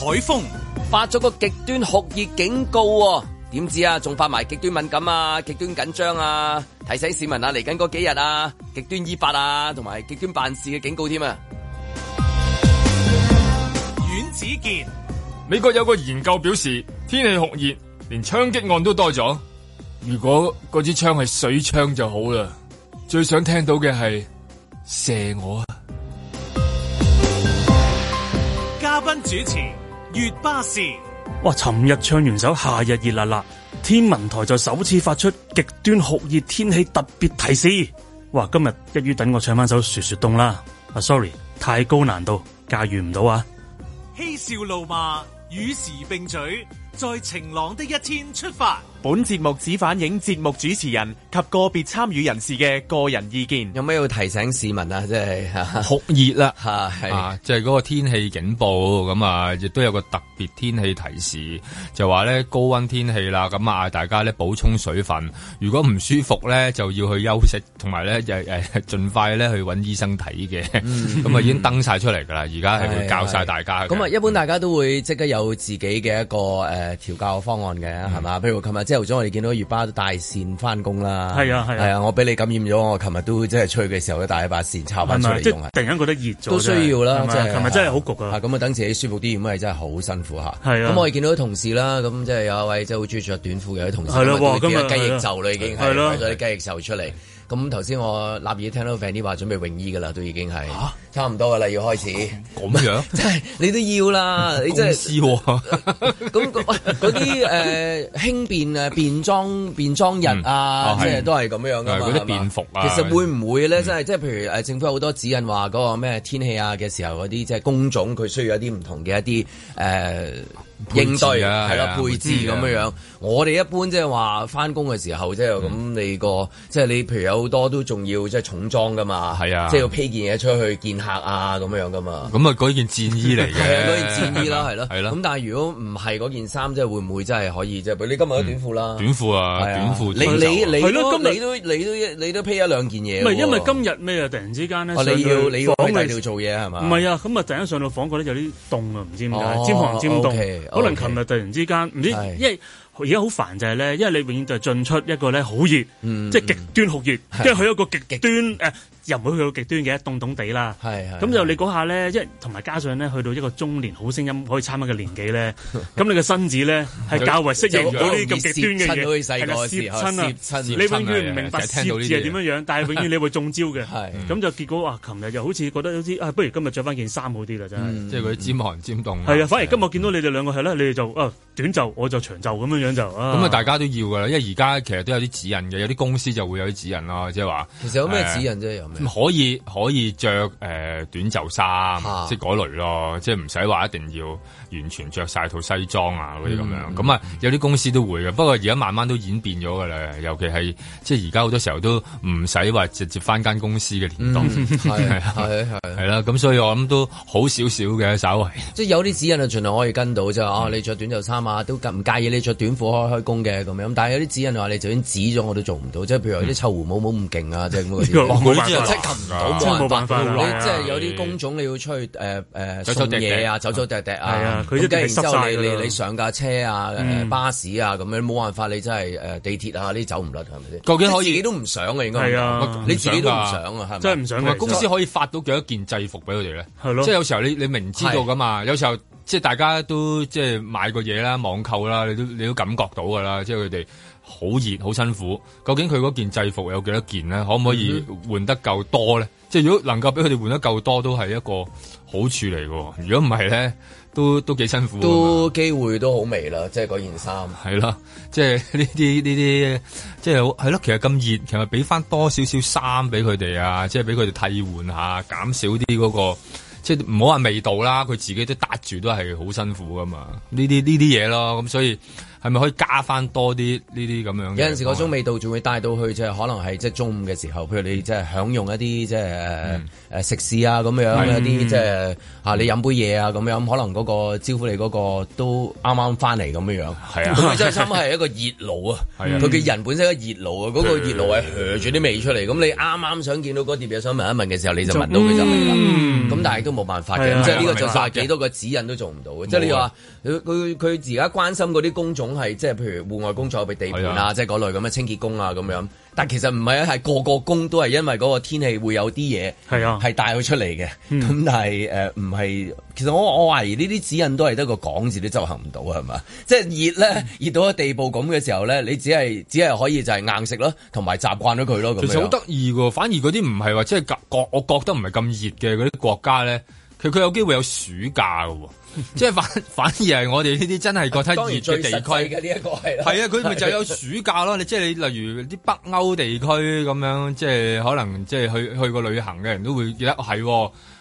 海風發咗個極端酷熱警告，啊，點知啊，仲發埋極端敏感啊、極端緊張啊，提醒市民啊，嚟緊嗰幾日啊，極端依法啊，同埋極端辦事嘅警告添啊。阮子健，美國有個研究表示，天氣酷熱，連槍擊案都多咗。如果嗰支槍係水槍就好啦。最想聽到嘅係射我啊！嘉賓主持。月巴士，哇！尋日唱完首《夏日熱辣辣》，天文台就首次發出極端酷熱天氣特別提示。哇！今日一於等我唱翻首《雪雪凍》啦。啊，sorry，太高難度，駕馭唔到啊！嬉笑怒罵，與時並舉，在晴朗的一天出發。本節目只反映節目主持人及個別參與人士嘅個人意見。有咩要提醒市民啊？即係 酷熱啦，吓，係啊，即、就、係、嗰、個天氣警報，咁啊，亦都有個特別天氣提示，就話咧高溫天氣啦，咁啊，大家咧補充水分，如果唔舒服咧就要去休息，同埋咧就誒盡快咧去揾醫生睇嘅。咁啊已經登晒出嚟，噶啦，而家係會教晒大家。咁啊、嗯，嗯、一般大家都會即刻有自己嘅一個誒調、呃、教方案嘅，係嘛、嗯？譬如琴日，朝頭早我哋見到熱巴都戴線翻工啦。係啊，係啊，我俾你感染咗。我琴日都即係出去嘅時候都戴起把線插翻出嚟用。突然間覺得熱咗，都需要啦。即係琴日真係好焗啊。咁啊，等自己舒服啲咁啊，真係好辛苦嚇。係啊。咁我哋見到啲同事啦，咁即係有一位即係好中意着短褲嘅啲同事，係啦，咁啊雞翼袖啦已經係買咗啲雞翼袖出嚟。咁頭先我立意聽到 Vandy 話準備泳衣噶啦，都已經係、啊、差唔多噶啦，要開始咁樣，即係 你都要啦， 你真係咁嗰啲誒輕便誒便裝便裝人啊，嗯、即係是、啊、都係咁樣嘅。啲便是吧服啊，其實會唔會咧？真係即係譬如誒政府有好多指引話嗰個咩天氣啊嘅時候嗰啲即係工種佢需要一啲唔同嘅一啲誒。呃應對啊，係啦，配置咁樣樣。我哋一般即係話返工嘅時候，即係咁你個即係你譬如有好多都仲要即係重裝㗎嘛，係啊，即係要披件嘢出去見客啊咁樣樣㗎嘛。咁啊，嗰件戰衣嚟嘅，嗰件戰衣啦，係咯，係咯。咁但係如果唔係嗰件衫，即係會唔會真係可以即係？你今日都短褲啦，短褲啊，短褲。你你都今日都你都你都披一兩件嘢。唔係，因為今日咩啊？突然之間咧你要，你我哋要做嘢係嘛？唔係啊，咁啊突然間上到房覺得有啲凍啊，唔知點解，肩膀尖 Okay. 可能琴日突然之間唔知，是因為而家好煩就係、是、咧，因為你永遠就係進出一個咧好熱，即係、嗯、極端酷熱，跟住佢有一個極端誒。又唔會去到極端嘅凍凍地啦，咁就你嗰下咧，即係同埋加上咧，去到一個中年好聲音可以參加嘅年紀咧，咁你嘅身子咧係較為適應唔到呢啲咁極端嘅嘢，攝親啊，你永遠唔明白攝字係點樣樣，但係永遠你會中招嘅。咁就結果哇，琴日又好似覺得有啲，不如今日着翻件衫好啲啦，真係即係佢尖寒尖凍。係啊，反而今日見到你哋兩個係咧，你哋就短袖，我就長袖咁樣樣就咁啊，大家都要㗎啦。因為而家其實都有啲指引嘅，有啲公司就會有啲指引囉，即係話其實有咩指引啫？嗯、可以可以着誒、呃、短袖衫，啊、即係嗰類咯，即係唔使話一定要。完全着晒套西裝啊嗰啲咁樣，咁啊有啲公司都會嘅，不過而家慢慢都演變咗嘅咧。尤其係即係而家好多時候都唔使話直接翻間公司嘅年代，係係係係啦。咁所以我諗都好少少嘅，稍微即係有啲指引啊，儘量可以跟到即啊，你着短袖衫啊，都唔介意你着短褲開開工嘅咁樣。但係有啲指引話你就算指咗我都做唔到，即係譬如啲臭狐冇冇咁勁啊，即係咁嗰啲，冇人執行唔到，冇辦法。你即係有啲工種你要出去誒誒攢嘢啊，走走趯趯啊。佢而家然之後你你你上架車啊、嗯、巴士啊咁樣，冇辦法，你真係誒地鐵啊呢走唔甩，係咪先？究竟自己都唔想嘅，應該係啊，你自己都唔想啊，係咪？是是真係唔想嘅。唔係公司可以發到幾多件制服俾佢哋咧？係咯的，即係有時候你你明知道噶嘛，的有時候即係大家都即係買過嘢啦、網購啦，你都你都感覺到㗎啦，即係佢哋。好熱好辛苦，究竟佢嗰件制服有幾多件咧？可唔可以換得夠多咧？嗯、即係如果能夠俾佢哋換得夠多，都係一個好處嚟嘅。如果唔係咧，都都幾辛苦。都機吧會都好微啦、即係，即係嗰件衫係啦，即係呢啲呢啲，即係係咯。其實咁熱，其實俾翻多少少衫俾佢哋啊，即係俾佢哋替換下，減少啲嗰、嗰個，即係唔好話味道啦。佢自己都搭住都係好辛苦噶嘛。呢啲呢啲嘢咯，咁所以。係咪可以加翻多啲呢啲咁樣？有陣時嗰種味道仲會帶到去，即係可能係即係中午嘅時候，譬如你即係享用一啲即係誒食肆啊咁樣，一啲即係啊你飲杯嘢啊咁樣，可能嗰個招呼你嗰個都啱啱翻嚟咁樣樣。係啊，佢真心係一個熱爐啊，佢嘅人本身係熱爐啊，嗰個熱爐係 heat 住啲味出嚟。咁你啱啱想見到嗰碟嘢想聞一聞嘅時候，你就聞到佢就味啦。咁但係都冇辦法嘅，即係呢個就發幾多個指引都做唔到，即係你話佢佢而家關心嗰啲公眾。總係即係譬如戶外工作，譬如地盤啊，即係嗰類咁嘅清潔工啊，咁樣。但其實唔係啊，係個個工都係因為嗰個天氣會有啲嘢係啊，係帶佢出嚟嘅。咁但係誒，唔係。其實我我懷疑呢啲指引都係得個講字都執行唔到，係嘛？即係熱咧，熱、啊、到個地步咁嘅時候咧，你只係只係可以就係硬食咯，同埋習慣咗佢咯。其實好得意噶，反而嗰啲唔係話即係國，我覺得唔係咁熱嘅嗰啲國家咧。佢佢有機會有暑假嘅喎， 即係反反而係我哋呢啲真係覺得熱嘅地區嘅呢一個係咯，係啊，佢咪、啊、就有暑假咯。 你即係你例如啲北歐地區咁樣，即係可能即係去去過旅行嘅人都會覺得係。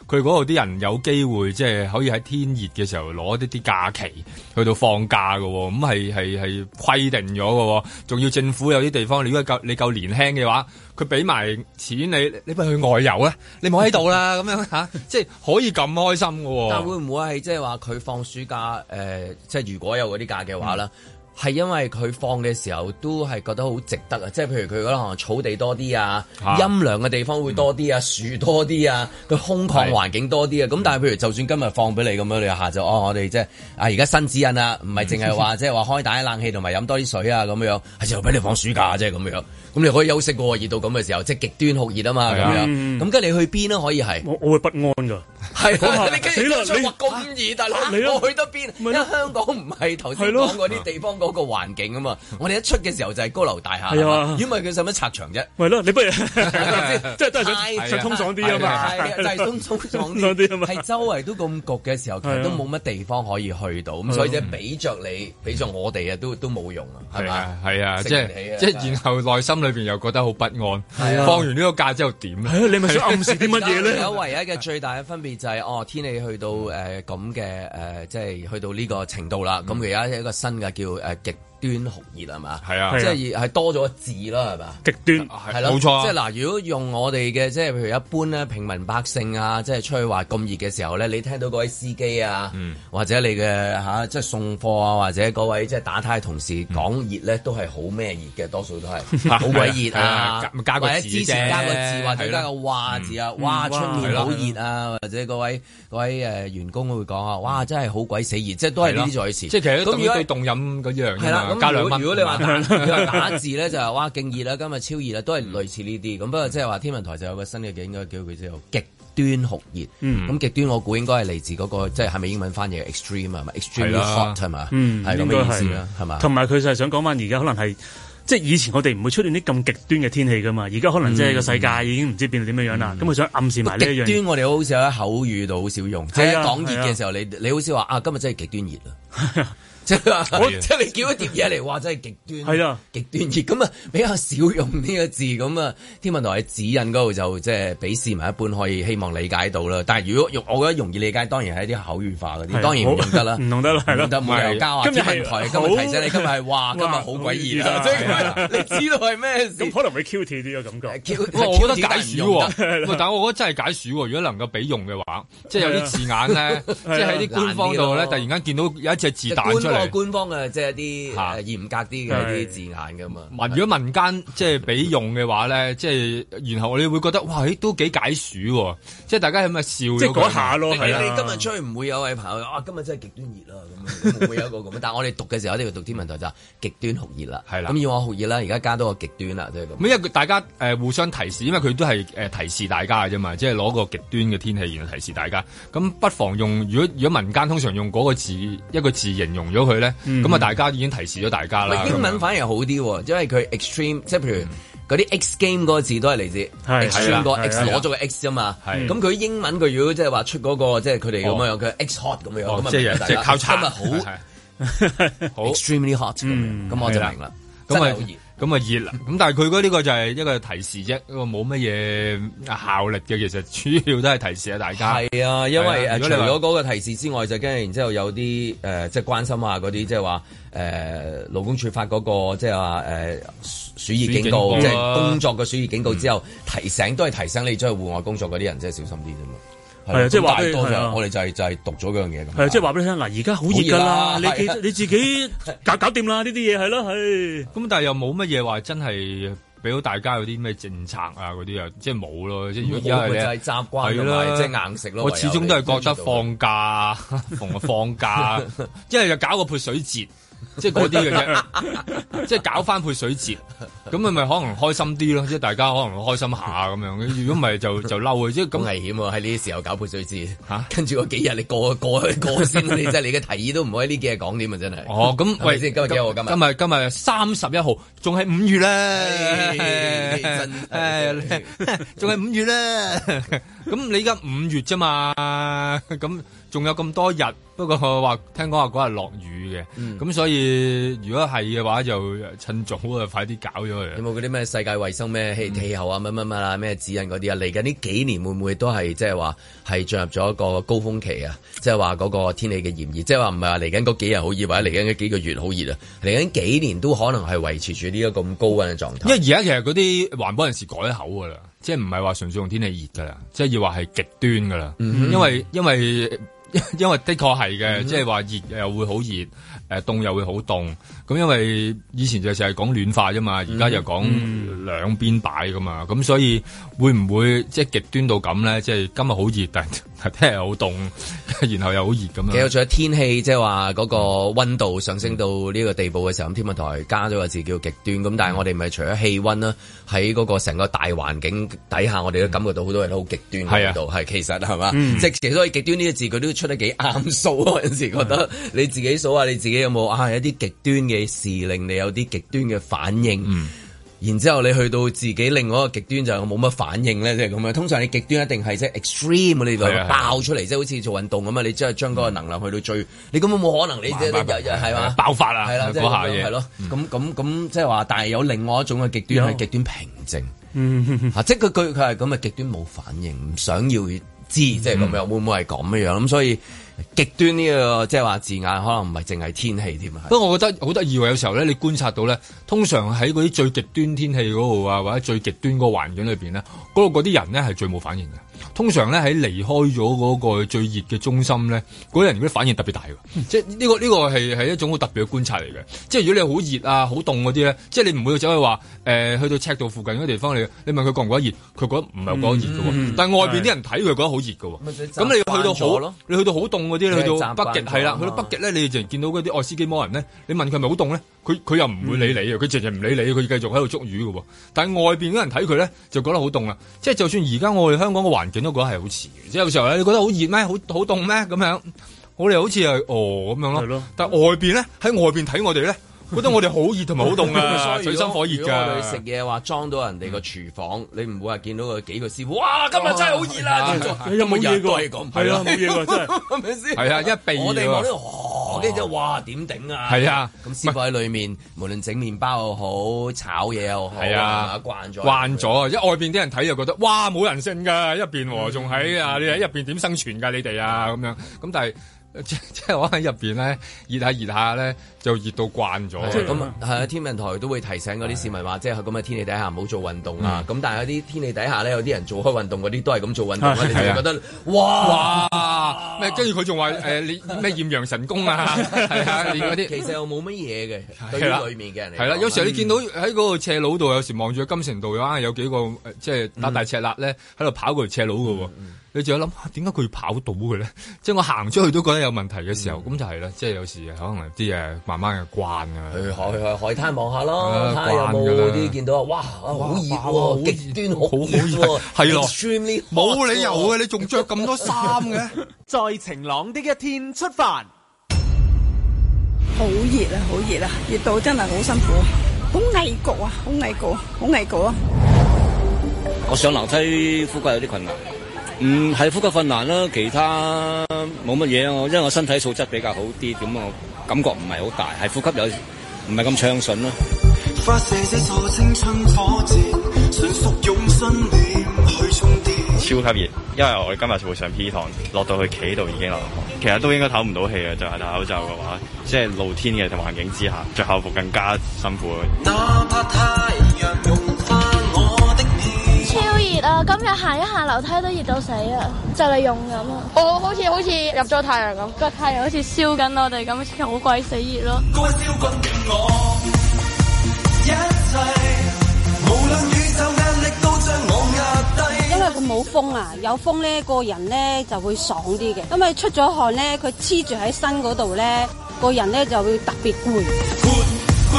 佢嗰度啲人有機會，即係可以喺天熱嘅時候攞啲啲假期去到放假嘅，咁係係係規定咗嘅，仲要政府有啲地方，你如果夠你夠年輕嘅話，佢俾埋錢你，你不去外遊咧，你冇喺度啦，咁樣嚇、啊，即係可以咁開心嘅。 但會唔會係即係話佢放暑假？誒、呃，即係如果有嗰啲假嘅話咧？嗯係因為佢放嘅時候都係覺得好值得啊，即係譬如佢可能草地多啲啊，陰涼嘅地方會多啲啊，嗯、樹多啲啊，佢空曠環境多啲啊，咁是但係譬如就算今日放俾你咁、啊啊嗯、樣，你下晝哦，我哋即係啊而家新指引啊，唔係淨係話即係話開大冷氣同埋飲多啲水啊咁樣，係就俾你放暑假啫咁樣。咁你可以休息喎，熱到咁嘅時候，即係極端酷熱啊嘛，咁樣，咁跟住你去邊都可以係，我我會不安㗎，係死啦！你話咁熱，但係你去得邊？因為香港唔係頭先講嗰啲地方嗰個環境啊嘛，我哋一出嘅時候就係高樓大廈，如果唔係佢使乜拆牆啫？係咯，你不如即係都係想通爽啲啊嘛，就係通通爽啲啊嘛，係周圍都咁焗嘅時候，其實都冇乜地方可以去到，咁所以咧，俾着你，俾着我哋啊，都都冇用啊，係嘛？係啊，即係即係，然後內心，裏邊又覺得好不安，係啊，放完呢個假之後點咧、哎？你咪想暗示啲乜嘢咧？ 有唯一嘅最大嘅分別就係、是、哦，天氣去到誒咁嘅誒，即係去到呢個程度啦。咁而家一個新嘅叫誒極呃端酷熱係嘛？係啊，即係係多咗個字啦係嘛？極端係咯，冇錯。即係嗱，如果用我哋嘅即係譬如一般咧，平民百姓啊，即係出去話咁熱嘅時候咧，你聽到嗰位司機啊，或者你嘅嚇即係送貨啊，或者各位即係打呔同事講熱咧，都係好咩熱嘅，多數都係好鬼熱啊，或者之前加個字或者加個哇字啊，哇出面好熱啊，或者各位各位誒員工會講啊，哇真係好鬼死熱，即係都係呢啲在即其實都要對凍飲嗰樣。咁如果如果你話打字咧，就係哇勁熱啦，今日超熱啦，都係類似呢啲。咁不過即係話天文台就有個新嘅嘅，應該叫佢叫做極端酷熱。嗯，咁極端我估應該係嚟自嗰個，即係係咪英文翻譯 extreme 啊？extreme hot 係嘛？嗯，係咁嘅意思啦，係嘛？同埋佢就係想講翻而家可能係即係以前我哋唔會出現啲咁極端嘅天氣噶嘛。而家可能即係個世界已經唔知變到點樣樣啦。咁佢想暗示埋呢樣。極端我哋好似喺口語度好少用，即係講熱嘅時候，你你好似話啊，今日真係極端熱啊！即係即係你叫一碟嘢嚟話，真係極端，係啊，極端熱咁啊，比較少用呢個字咁啊。天文台嘅指引嗰度就即係俾市民一般可以希望理解到啦。但係如果我覺得容易理解，當然係一啲口語化啲。當然唔用得啦，唔用得啦，唔用得。唔用得。天文台今日提醒你，今日係話，今日好詭異啦。即係你知道係咩？咁可能會 Q t 啲嘅感覺。我覺得解暑，但係我覺得真係解暑。如果能夠俾用嘅話，即係有啲字眼咧，即係喺啲官方度咧，突然間見到有一隻字彈出嚟。官方嘅即係一啲嚴格啲嘅啲字眼㗎嘛。如果民間即係俾用嘅話咧，即係然後你會覺得哇，都幾解暑喎。即係大家係咪笑？即係嗰下咯，係你今日出去唔會有位朋友啊，今日真係極端熱啦。咁會有一個咁。但係我哋讀嘅時候，一定要讀天文台就極端酷熱啦。係啦，咁要我酷熱啦，而家加多個極端啦，即係咁。咁因為大家誒互相提示，因為佢都係誒提示大家嘅啫嘛，即係攞個極端嘅天氣然後提示大家。咁不妨用如果如果民間通常用嗰個字一個字形容咗。佢咧，咁啊，大家已經提示咗大家啦。英文反而好啲，因為佢 extreme，即係譬如嗰啲 x game 嗰個字都係嚟自 extreme 嗰個 x 攞咗個 x 啊嘛。咁佢英文佢如果即係話出嗰個，即係佢哋咁樣樣，佢 x hot 咁樣樣，咁即係靠家今日好 extremely hot 咁，我就明啦。真係好熱。咁啊熱啦，咁但係佢嗰呢個就係一個提示啫，冇乜嘢效力嘅。其實主要都係提示下大家。係啊，因為、啊、除咗嗰個提示之外，就跟住然之後有啲誒，即、呃、係、就是、關心下嗰啲，即係話誒勞工處發嗰、那個即係話誒暑熱警告，即係、啊、工作嘅暑熱警告之後，嗯、提醒都係提醒你出去戶外工作嗰啲人，即、就、係、是、小心啲啫嘛。係啊，即係話多我哋就係就係讀咗嗰樣嘢。係即係話俾你聽，嗱而家好熱㗎啦，你你你自己搞搞掂啦，呢啲嘢係咯，係。咁但係又冇乜嘢話真係俾到大家嗰啲咩政策啊嗰啲啊，即係冇咯。即係而家就係習慣同埋即係硬食咯。我始終都係覺得放假同埋放假，即係就搞個潑水節。 即係嗰啲嘅啫，即係搞翻配水節，咁佢咪可能開心啲咯？即係大家可能開心下咁樣。如果唔係就就嬲啊！即係咁危險喎，喺呢啲時候搞配水節嚇，啊、跟住嗰幾日你過 過過，過先、啊。你真係你嘅提議都唔可以呢幾日講點啊！真係。哦，咁、啊、喂，今日幾號？今日今日今日，三十一號，仲係五月咧，仲係五月咧。咁 你而家五 月啫嘛？咁。 仲有咁多日，不過我話聽講話嗰日落雨嘅，咁、嗯、所以如果係嘅話，就趁早啊，快啲搞咗佢。有冇嗰啲咩世界衛生咩氣候啊乜乜乜啊、咩、嗯、指引嗰啲啊？嚟緊呢幾年會唔會都係即係話係進入咗一個高峰期啊？即係話嗰個天氣嘅炎熱，即係話唔係話嚟緊嗰幾日好熱或者嚟緊嗰幾個月好熱啊？嚟緊幾年都可能係維持住呢一個咁高溫嘅狀態。因為而家其實嗰啲環保人士改口噶啦，即係唔係話純粹用天氣熱噶啦，即係要話係極端噶啦，因為因為。因為的確係嘅，即係話，熱又會好熱，誒凍又會好凍。咁因為以前就成日講暖化啫嘛，而家又講兩邊擺噶嘛，咁、hmm. 所以會唔會即係極端到咁咧？即係今日好熱，但係聽日又好凍，然後又好熱咁啊！其實除咗天氣，即係話嗰個温度上升到呢個地步嘅時候，天文台加咗個字叫極端。咁但係我哋咪除咗氣温啦。喺嗰個成個大環境底下，我哋都感覺到好多人都好極端喺度。係是、啊、其實係嘛，嗯、即係其實都以極端呢個字，佢都出得幾啱數。有陣時覺得你自己數下你自己有冇啊？有一啲極端嘅事令你有啲極端嘅反應。嗯然之後你去到自己另外一個極端就冇乜反應咧，即係咁樣。通常你極端一定係即係 extreme 嗰啲㗎，爆出嚟即係好似做運動咁啊！你即係將嗰個能量去到最，你根本冇可能你即係又係嘛？爆發啊！係啦，即係嗰下嘢係咯。咁咁咁即係話，但係有另外一種嘅極端係極端平靜。即係佢佢係咁嘅極端冇反應，唔想要知，即係咁樣會唔會係咁嘅樣咁？所以。極端呢個即係話字眼，可能唔係淨係天氣添啊！不 過我覺得好得意喎，有時候咧，你觀察到咧，通常喺啲最極端天氣嗰度啊，或者最極端個環境裏邊咧，嗰度啲人咧係最冇反應嘅。通常咧喺離開咗嗰個最熱嘅中心咧，嗰啲人嗰啲反應特別大㗎，即係呢、呢個呢、呢個係係一種好特別嘅觀察嚟嘅。即係如果你好熱啊、好凍嗰啲咧，即係你唔會走去話誒去到赤道附近嗰啲地方嚟，你問佢覺唔覺得熱，佢、嗯、覺得唔係好覺得熱㗎喎。但係外邊啲人睇佢覺得好熱㗎喎。咁是你去到好你去到好凍嗰啲，去到北極係啦，去到北極咧，你就見到嗰啲愛斯基摩人咧，你問佢係咪好凍咧？佢佢又唔會理你啊！佢成日唔理你，佢繼續喺度捉魚㗎喎。但係外邊嘅人睇佢咧，就覺得好凍喇！即係就算而家我哋香港嘅環境都覺得係好遲嘅。即係有時候咧，你覺得好熱咩？好好凍咩？咁樣我哋好似係哦咁樣咯。係咯。但係外邊咧，喺外邊睇我哋咧。覺得我哋好熱同埋好凍啊，水深火熱噶。如果去食嘢話，裝到人哋個廚房，你唔會話見到佢幾個師傅。哇，今日真係好熱啦！點做？又冇嘢講，係啦，冇嘢啦，真係。係咪先？係啊，一避熱我哋我呢度，哇，點頂啊？係啊。咁師傅喺裏面，無論整麵包又好，炒嘢又好，係啊，慣咗，慣咗。一外邊啲人睇就覺得，哇，冇人性噶，入邊仲喺啊？你喺入邊點生存噶？你哋啊，咁樣。咁但係。即係我喺入邊咧，熱下熱下咧，就熱到慣咗。咁係啊，天文台都會提醒嗰啲市民話，即係咁嘅天氣底下唔好做運動啊。咁但係有啲天氣底下咧，有啲人做開運動嗰啲都係咁做運動啦。你哋覺得哇咩？跟住佢仲話誒你咩豔陽神功啊？係啊，啲其實又冇乜嘢嘅，對於裏面嘅人。係啦，有時你見到喺嗰個斜佬度，有時望住金城道嘅話，有幾個即係打大赤辣咧，喺度跑過嚟赤佬嘅喎。你就要諗下點解佢跑到嘅咧？即係我行出去都覺得有問題嘅時候，咁就係啦。即係有時可能啲誒慢慢嘅慣啊。去海去海灘望下咯，海灘有冇啲見到啊？哇，好熱喎，極端酷熱喎，係咯，冇理由嘅，你仲着咁多衫嘅。在晴朗的一天出發，好熱啊，好熱啊，熱到真係好辛苦，好危局啊，好危局，好危局。我上樓梯呼吸有啲困難。唔，係、嗯、呼吸困難啦、啊，其他冇乜嘢我，因為我身體素質比較好啲，咁我感覺唔係好大，係呼吸有唔係咁暢順咯。啊、超級熱，因為我今日就會上 P 堂，落到去企度已經流汗，其實都應該唞唔到氣嘅，就係戴口罩嘅話，即係露天嘅環境之下，着校服更加辛苦。啊！今日行一行樓梯都熱到死啊，就嚟溶咁啊！我好似好似入咗太陽咁，個太陽好似燒緊我哋咁，好鬼死熱咯！因為佢冇風啊，有風咧，個人咧就會爽啲嘅，因為出咗汗咧，佢黐住喺身嗰度咧，個人咧就會特別攰。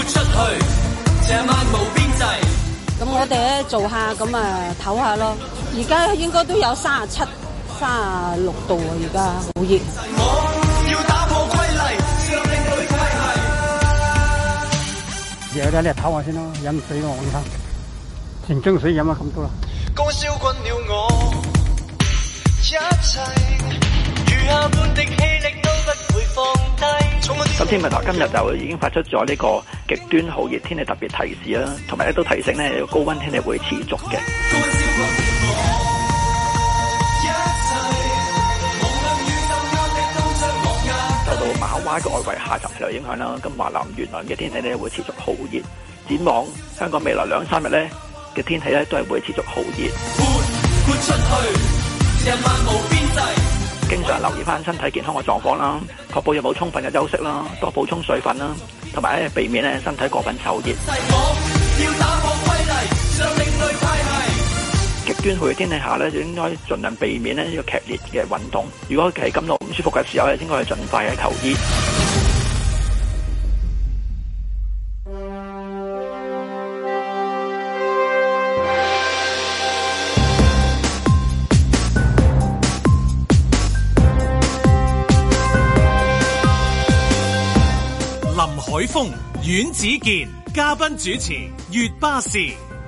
出去，晚咁我哋咧做下，咁啊唞下咯。而家應該都有三十七、三十六度啊，而家好熱。有啲你唞下先咯，飲死我呢生，瓶蒸水飲咗咁多啦。咁天文台今日就已經發出咗呢個極端酷熱天氣特別提示啦，同埋咧都提醒咧高溫天氣會持續嘅。受、嗯、 到瑪娃嘅外圍下沉氣流影響啦，咁華南沿岸嘅天氣咧會持續好熱，展望香港未來兩三日咧嘅天氣咧都係會持續好熱。經常留意返身體健康嘅狀況啦，確保有冇充分嘅休息啦，多補充水分啦，同埋咧避免咧身體過分受熱。 極端酷嘅天氣下咧，就應該盡量避免咧呢個劇烈嘅運動。如果係感到唔舒服嘅時候咧，應該去盡快去求醫。海峰、阮子健嘉賓主持，月巴士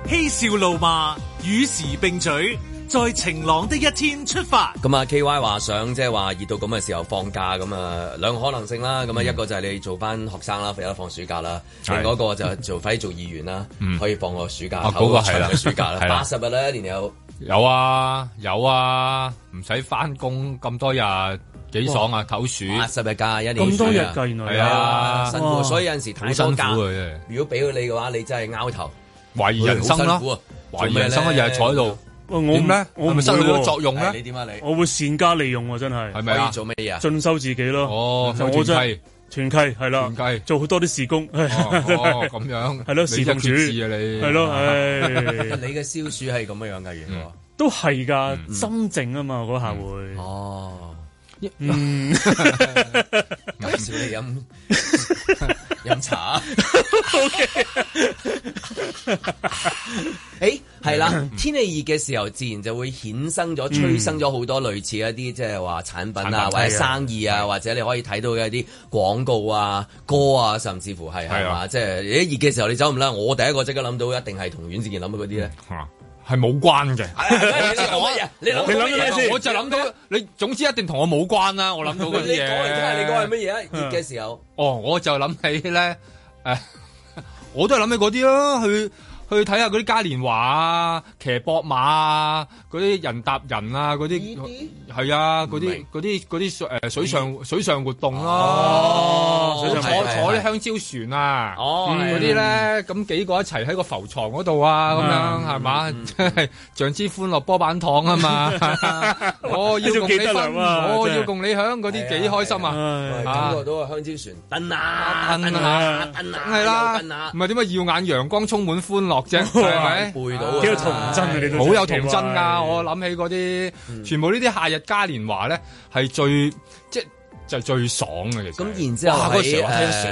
嬉笑怒罵，與時並嘴，在晴朗的一天出發。咁啊，K Y 話想即係話熱到咁嘅時候放假，咁啊兩個可能性啦。咁啊，一個就係你做翻學生啦，有得放暑假啦，另、嗯、一個就做可以 做議員啦，可以放個暑假，好、嗯、長嘅暑假啦，八十、啊那個、 日一年有有啊，有啊，唔使翻工咁多日。幾爽啊！扣鼠八十日噶一年，咁多日噶，原來係啊，辛苦，所以有陣時太辛苦。如果俾咗你嘅話，你真係拗頭，懷疑人生啦，懷疑人生又係坐喺度。我咧，我咪失去咗作用咧？你點解你我會善加利用啊！真係係咪啊？做咩嘢啊？進修自己咯。哦，我真係團契係啦，做好多啲事工。咁樣係咯，事工主啊，你係咯，你嘅消暑係咁樣樣噶，原來都係噶，心靜啊嘛，嗰下會哦。嗯，介紹 你飲飲 喝茶。O K、 欸。哎，係啦，天氣熱嘅時候，自然就會衍生咗、催生咗好多類似一啲即係話產品啊，嗯、或者生意啊，嗯、或者你可以睇到嘅一啲廣告啊、歌啊，甚至乎係係嘛？即係一熱嘅時候，你走唔甩。我第一個即刻諗到一定係同阮志健諗到嗰啲咧。嗯嗯係冇關嘅、哎，你諗啲咩先？我就諗到，麼你總之一定同我冇關啦、啊。我諗到嗰啲嘢。你講完你講係乜嘢啊？熱嘅時候。 哦，我就諗起咧，誒、哎， 我都係諗起嗰啲啦，佢。去睇下嗰啲嘉年華啊，騎膊馬啊，嗰啲人搭人啊，嗰啲係啊，嗰啲嗰啲嗰啲誒水上水上活動咯，坐坐啲香蕉船啊，嗰啲咧咁幾個一齊喺個浮牀嗰度啊，咁樣係嘛，真係象之歡樂波板糖啊嘛，我要共你分，我要共你享，嗰啲幾開心啊，咁又都係香蕉船，蹬啊，蹬啊，蹬啊，梗係啦，唔係點解？耀眼陽光充滿歡樂。即係咪？嗯嗯、背到好、哎、有童真啊！我諗起嗰啲，嗯、全部呢啲夏日嘉年華咧，係最即。就係最爽嘅，其實。咁然之後喺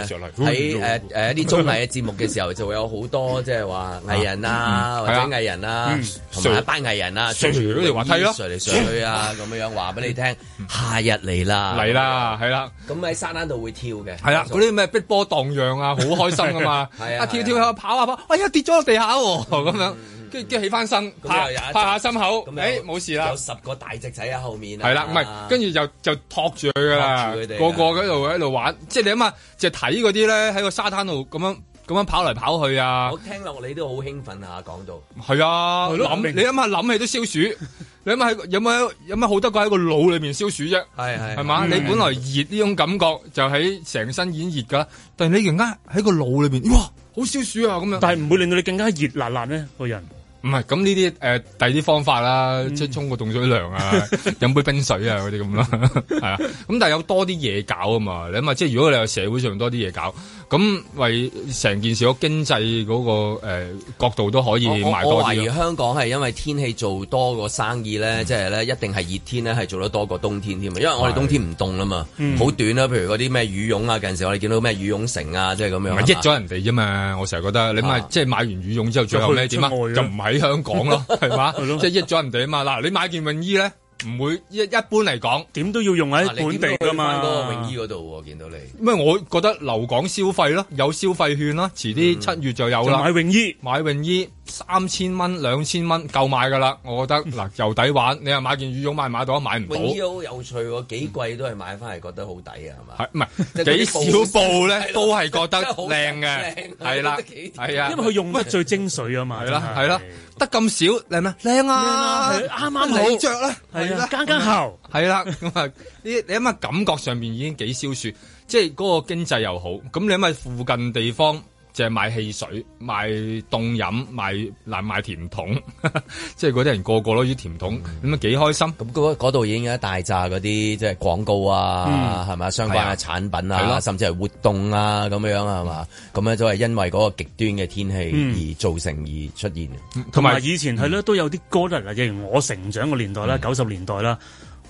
誒喺誒誒一啲綜藝嘅節目嘅時候，就會有好多即係話藝人啊，或者藝人啊，同埋一班藝人啊，上上嗰條滑梯咯，上嚟上去啊咁樣，話俾你聽，夏日嚟啦！嚟啦，係啦。咁喺山巖度會跳嘅。係啊，嗰啲咩碧波盪漾啊，好開心啊嘛。係啊，跳跳下跑下跑，哎呀跌咗落地下喎，咁樣。跟住起翻身，拍下心口，哎冇事啦。有十個大隻仔喺後面。係啦，唔係跟住就就托住佢啦。個個喺度喺度玩，即係你諗下，就睇嗰啲咧喺個沙灘度咁樣咁樣跑嚟跑去啊。我聽落你都好興奮啊，講到係啊，諗你諗下諗起都消暑，你諗下有冇有冇好得過喺個腦裏面消暑啫？係係，係嘛？你本來熱呢種感覺就喺成身已經熱噶，但係你而家喺個腦裏邊，哇，好消暑啊！咁樣，但係唔會令到你更加熱辣辣咩？個人。唔係咁呢啲誒，第二啲方法啦，嗯、即係沖個凍水涼啊， 飲杯冰水啊嗰啲咁咯，係啊，咁 但係有多啲嘢搞啊嘛，你諗下，即係如果你喺社會上多啲嘢搞。咁為成件事嗰經濟嗰、嗰個、呃、角度都可以賣多啲。我我懷疑香港係因為天氣做多個生意咧，嗯、即係咧一定係熱天咧係做得多過冬天添啊，因為我哋冬天唔凍啊嘛，好、嗯、短啦。譬如嗰啲咩羽絨啊，近時我哋見到咩羽絨城啊，即係咁樣。咪益咗人哋啫嘛，我成日覺得你買即係買完羽絨之後，最後咧點啊？樣就唔喺香港咯，係嘛？即係益咗人哋啊嘛。嗱，你買件泳衣咧。唔會一一般嚟講，點都要用喺本地㗎嘛。嗰、啊、泳衣嗰度喎，見到你。因為我覺得留港消費咯，有消費券啦，遲啲七月就有啦。嗯、買泳衣，買泳衣。三千蚊、兩千蚊夠買噶啦，我覺得嗱又抵玩。你又買件羽絨，買買到，買唔到。泳好有趣喎，幾貴都係買翻嚟，覺得好抵啊，係嘛？係唔係幾少布咧？都係覺得靚嘅，係啦，係啊，因為佢用得最精髓啊嘛。係啦，係啦，得咁少，靚咩？靚啊，啱啱好着咧，係啦，間間後。係啦，咁啊，你你諗下感覺上面已經幾消暑，即係嗰個經濟又好。咁你諗下附近地方。就係賣汽水、賣凍飲、賣難賣甜筒， 即係嗰啲人個個攞啲甜筒，咁啊幾開心。咁嗰度已經有一大扎嗰啲即係廣告啊，係咪、嗯？相關嘅產品啊，嗯、甚至係活動啊咁、嗯、樣啊，係嘛。咁咧都係因為嗰個極端嘅天氣而造成而出現。同埋、嗯、以前係咧、嗯、都有啲歌得咧，例如我成長嘅年代啦，九十、嗯、年代啦，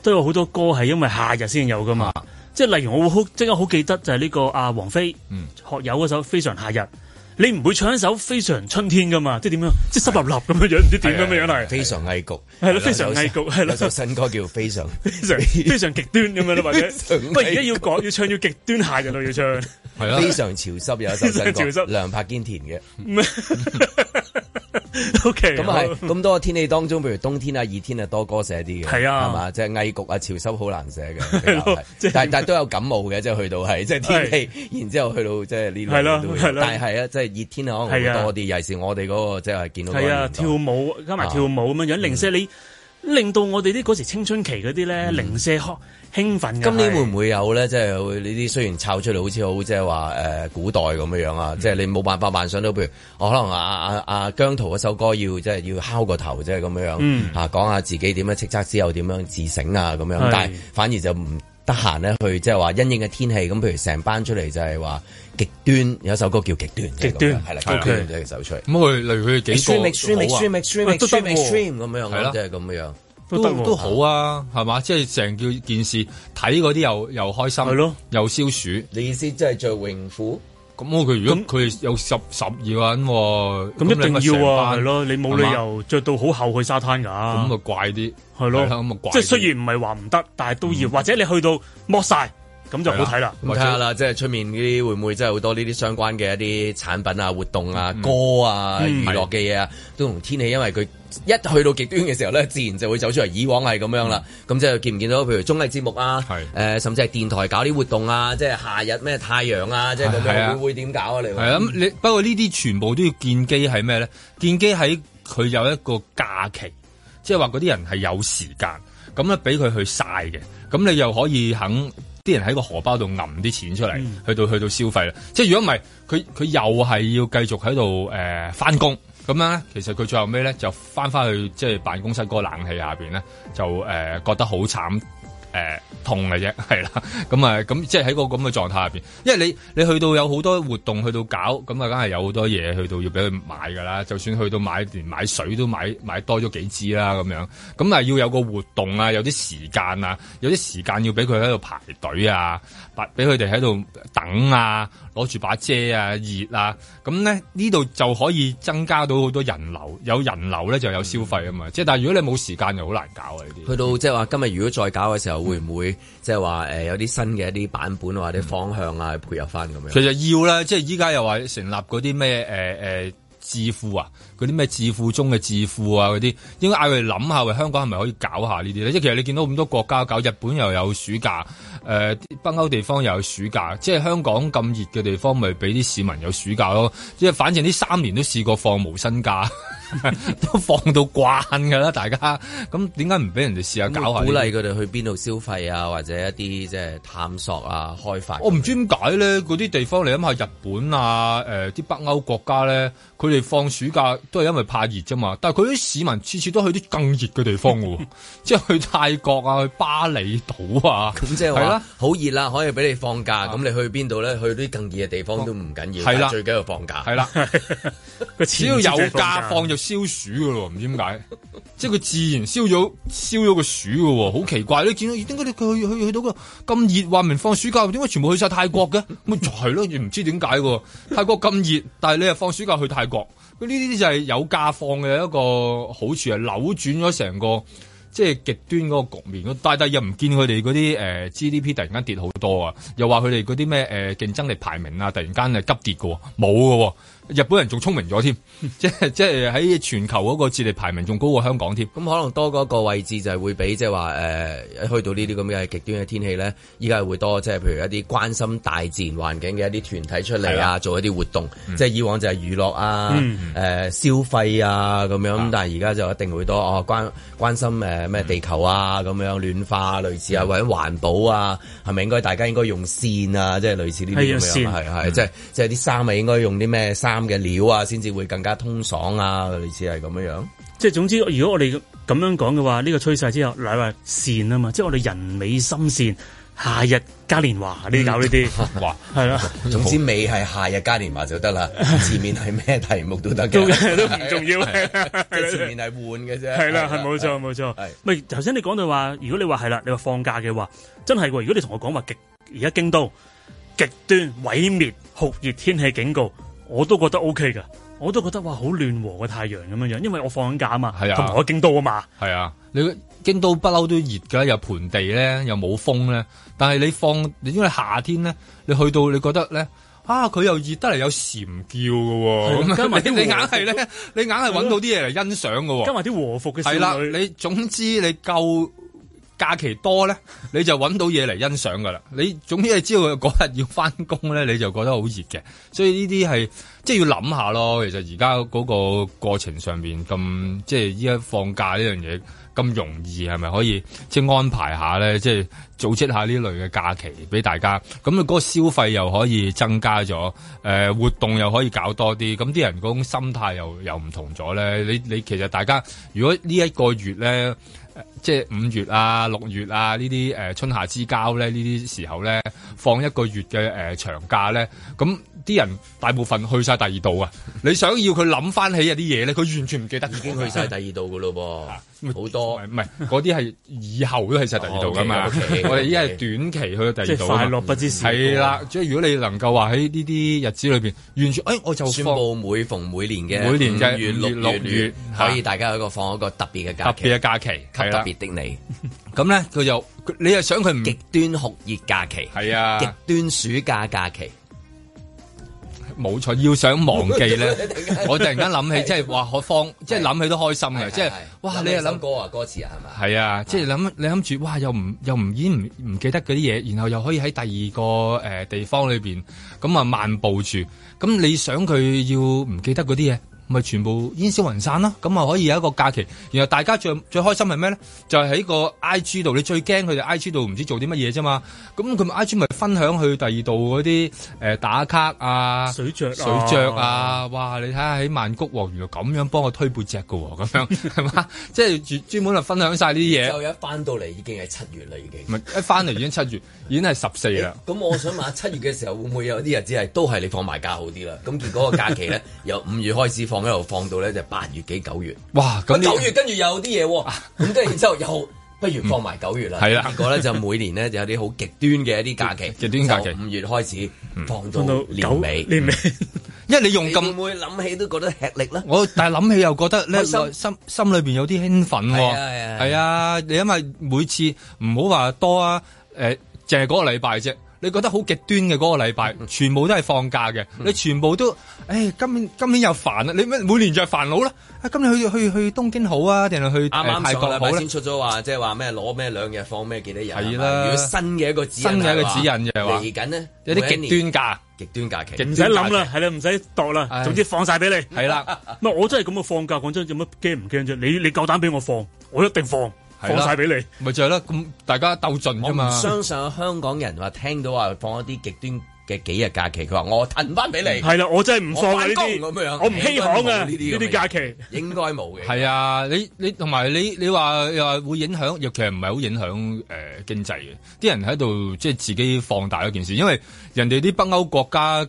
都有好多歌係因為夏日先有噶嘛。啊即係例如我好即刻好記得就係呢個阿王菲、嗯、學友嗰首非常夏日，你唔會唱一首非常春天噶嘛？即係點樣？即係濕立立咁嘅樣，唔的知點咁嘅樣嚟樣。非常翳焗係咯，非常翳焗係咯。首，首新歌叫《 非常非常非常極端》咁樣咯，或者 局不過，而家要講要唱要極端夏日都要唱，係啦 的。非常潮濕有一首新歌， 梁柏堅填嘅。 O K，咁啊，係咁多個天氣當中，譬如冬天啊、熱天啊，多歌寫啲嘅？係啊，係嘛？即係翳焗啊、潮濕好難寫嘅，即係，但但係都有感冒嘅，即係去到係，即係天氣，然之後去到即係呢度。係咯，但係係啊，即係熱天可能多啲，尤其是我哋嗰個即係見到係啊，跳舞加埋跳舞咁樣，零舍你。令到我哋啲嗰時青春期嗰啲咧，嗯、零舍學興奮。今年會唔會有咧？即係呢啲雖然抄出嚟好似好，即係話誒古代咁樣樣啊！即係、嗯、你冇辦法幻想到，譬如我、哦、可能阿阿阿姜濤嗰首歌要即係、就是、要敲個頭，即係咁樣樣吓、嗯啊、講下自己點樣叱咤之後點樣自省啊咁樣，是但係反而就唔。得閒咧，去即係話因應嘅天氣，咁譬如成班出嚟就係話極端，有一首歌叫極端，極端係啦，極端呢首吹。咁佢類似幾酷，都得喎。都得喎。都得喎。係啦，即係咁樣，都都好啊，係嘛？即係成叫件事睇嗰啲又又開心，咯的，又消暑。你意思即係在泳褲？咁我佢如果佢有十十二溫，咁一定要喎，係咯，你冇理由着到好厚去沙灘噶。咁咪怪啲，係咯，咁咪怪。即係雖然唔係話唔得，但係都要，或者你去到剝晒，咁就好睇啦。咁睇下啦，即係出面啲會唔會真係好多呢啲相關嘅一啲產品啊、活動啊、歌啊、娛樂嘅嘢啊，都同天氣，因為佢。一去到極端嘅時候咧，自然就會走出嚟。以往係咁樣啦，咁即係見唔見到？譬如綜藝節目啊，誒是、呃，甚至係電台搞啲活動啊，即係夏日咩太陽啊，即係嗰啲會點搞啊？你係咁，你不過呢啲全部都要建機，係咩咧？建機，喺佢有一個假期，即係話嗰啲人係有時間，咁咧俾佢去晒嘅，咁你又可以肯啲人喺個荷包度揞啲錢出嚟，去到、嗯、去到消費啦。即係如果唔係，佢佢又係要繼續喺度誒返工。呃呃嗯咁樣咧，其實佢最後尾咧就翻翻去即係辦公室嗰個冷氣下邊咧，就誒覺得好慘誒、呃、痛嘅啫，係啦，咁啊咁即係喺個咁嘅狀態入邊，因為你你去到有好多活動去到搞，咁啊梗係有好多嘢去到要俾佢買噶啦，就算去到買連買水都買買多咗幾支啦咁樣，咁啊要有個活動啊，有啲時間啊，有啲時間要俾佢喺度排隊啊。俾佢哋喺度等啊，攞住把遮啊，熱啊，咁咧呢度就可以增加到好多人流，有人流咧就有消費啊嘛。即係，但係如果你冇時間，就好難搞啊！呢啲去到即係話，今日如果再搞嘅時候，嗯、會唔會即係話誒有啲新嘅一啲版本或者方向啊，配合翻咁樣？其實要啦，即係依家又話成立嗰啲咩誒誒智庫啊，嗰啲咩智庫中嘅智庫啊嗰啲，應該嗌佢哋諗下、呃，香港係咪可以搞下呢啲咧？即係其實你見到咁多國家搞，日本又有暑假。誒、呃、北歐地方又有暑假，即係香港咁熱嘅地方，咪俾啲市民有暑假咯。即係反正呢三年都試過放無薪假， 都放到慣㗎啦。大家咁點解唔俾人哋試下搞下？鼓勵佢哋去邊度消費啊，或者一啲即係探索啊、開發。我唔、哦、知點解咧，嗰啲地方你諗下日本啊、誒、呃、啲北歐國家咧。佢哋放暑假都係因為怕熱啫嘛，但係佢啲市民次次都去啲更熱嘅地方喎，即係去泰國啊、去巴厘島啊，咁即係話好熱啦，可以俾你放假，咁你去邊度咧？去啲更熱嘅地方都唔緊要，係啦，最緊要放假係啦，只要有假放就消暑噶咯，唔知點解，即係佢自然消咗消咗個暑噶喎，好奇怪你見到，點解你佢去去到咁熱話明放暑假，點解全部去晒泰國嘅？咁就係咯，亦唔知點解喎，泰國咁熱，但係你又放暑假去泰國，咁呢啲就係有加放嘅一個好處啊，扭轉咗成個即係極端嗰個局面。但係又唔見佢哋嗰啲誒 GDP 突然間跌好多啊，又話佢哋嗰啲咩誒競爭力排名啊，突然間係急跌嘅，冇嘅、哦。日本人仲聰明咗添，即係即係喺全球嗰個智力排名仲高過香港添。咁可能多嗰個位置就係會比即係話誒去到呢啲咁嘅極端嘅天氣咧，依家會多即係譬如一啲關心大自然環境嘅一啲團體出嚟啊，做一啲活動，即係以往就係娛樂啊，誒消費啊咁樣，但係而家就一定會多哦關關心誒咩地球啊咁樣暖化啊類似啊，或者環保啊，係咪應該大家應該用線啊？即係類似呢啲咁樣，係係即係即係啲衫咪應該用啲咩衫？嘅料啊，先至會更加通爽啊，類似係咁樣樣。即係總之，如果我哋咁樣講嘅話，呢個趨勢之後乃話善啊嘛。即係我哋人美心善，夏日嘉年華你搞呢啲哇，係咯。總之，美係夏日嘉年華就得啦。前面係咩題目都得嘅，都唔重要。前面係換嘅啫，係啦，係冇錯冇錯。喂，頭先你講到話，如果你話係啦，你話放假嘅話，真係如果你同我講話極而家京都極端毀滅酷熱天氣警告。我都覺得 OK 噶，我都覺得哇好暖和嘅太陽咁樣樣，因為我放緊假啊嘛，啊同埋我京都啊嘛，係啊，你京都不嬲都熱噶，又盆地咧，又冇風咧，但係你放，因為夏天咧，你去到你覺得咧，啊佢又熱得嚟有蟬叫嘅喎、哦，加埋 你硬係咧，你硬係揾到啲嘢嚟欣賞嘅喎，加埋啲和服嘅少女，啦、啊，你總之你夠。假期多咧，你就揾到嘢嚟欣賞噶啦。你總之係知道嗰日要翻工咧，你就覺得好熱嘅。所以呢啲係即係要諗下咯。其實而家嗰個過程上面，咁，即係依家放假呢樣嘢咁容易，係咪可以即係安排下咧？即係組織下呢類嘅假期俾大家。咁啊，嗰個消費又可以增加咗，誒、呃、活動又可以搞多啲。咁啲人嗰種心態又又唔同咗咧。你你其實大家如果呢一個月咧。即係五月啊、六月啊呢啲誒春夏之交咧，呢啲時候咧放一個月嘅、誒、呃、長假咧，咁。啲人大部分去晒第二度啊！你想要佢諗翻起一啲嘢咧，佢完全唔記得。已經去晒第二度噶咯喎，好多唔係嗰啲係以後都去晒第二度噶嘛。我哋依家係短期去到第二度，快樂不知時。係啦，即係如果你能夠話喺呢啲日子裏邊，完全誒，我就宣布每逢每年嘅每年五月六月可以大家一個放一個特別嘅假期，特別嘅假期，特別的你。咁咧佢就你又想佢極端酷熱假期，係啊，極端暑假假期。冇錯，要想忘記咧， 我突然間諗起， 即係話我方，即係諗起都開心嘅，即係哇！你又諗歌啊，歌詞啊，係咪？係啊，即係諗，你諗住哇，又唔又唔已經唔唔記得嗰啲嘢，然後又可以喺第二個誒、呃、地方裏邊咁啊漫步住，咁你想佢要唔記得嗰啲嘢？咪全部煙消雲散啦，啊，咁啊可以有一個假期。然後大家最最開心係咩咧？就係、是、喺個 I G 度，你最驚佢哋 I G 度唔知做啲乜嘢啫嘛。咁佢咪 I G 咪分享去第二度嗰啲誒打卡啊，水着、啊、水著啊！哇，你睇下喺曼谷喎，原來咁樣幫我推背脊嘅喎，啊，咁樣係嘛？ 即係專專門啊，分享晒呢啲嘢。就一翻到嚟已經係七月啦，已經唔係一翻嚟已經七月， 已經係十四啦。咁、欸、我想問下七月嘅時候會唔會有啲日子係都係你放埋假好啲啦？咁結果個假期咧由五月開始放。 喺度放到咧就八月幾九月，哇！咁九月跟住有啲嘢，咁跟住然之後又不如放埋九月啦。係啦，結果咧就每年咧就有啲好極端嘅一啲假期，極端假期五月開始放到年尾，年尾。因為你用咁，會諗起都覺得吃力啦。我但係諗起又覺得咧心心心裏邊有啲興奮，係啊，你因為每次唔好話多啊，誒，淨係嗰個禮拜啫。你覺得好極端嘅嗰個禮拜，全部都係放假嘅，你全部都，唉，今年今年又煩啊！你乜每年就係煩惱啦？今日去去去東京好啊，定係去亞馬泰國咧？先出咗話，即係話咩攞咩兩日放咩幾多日？係啦，如果新嘅一個指引嚟緊咧有啲極端假、極端假期，唔使諗啦，係啦，唔使度啦，總之放晒俾你。係啦，我真係咁啊放假。講真，有乜驚唔驚啫？你你夠膽俾我放，我一定放。放晒俾你，咪就係咯，咁大家鬥盡啫嘛。我唔相信香港人話聽到話放一啲極端嘅幾日假期，佢話我騰翻俾你。係啦，我真係唔放呢啲，我唔稀罕啊呢啲假期，應該冇嘅。係啊，你你同埋你你話又話會影響，尤其係唔係好影響誒經濟嘅。啲人喺度即係自己放大一件事，因為人哋啲北歐國家。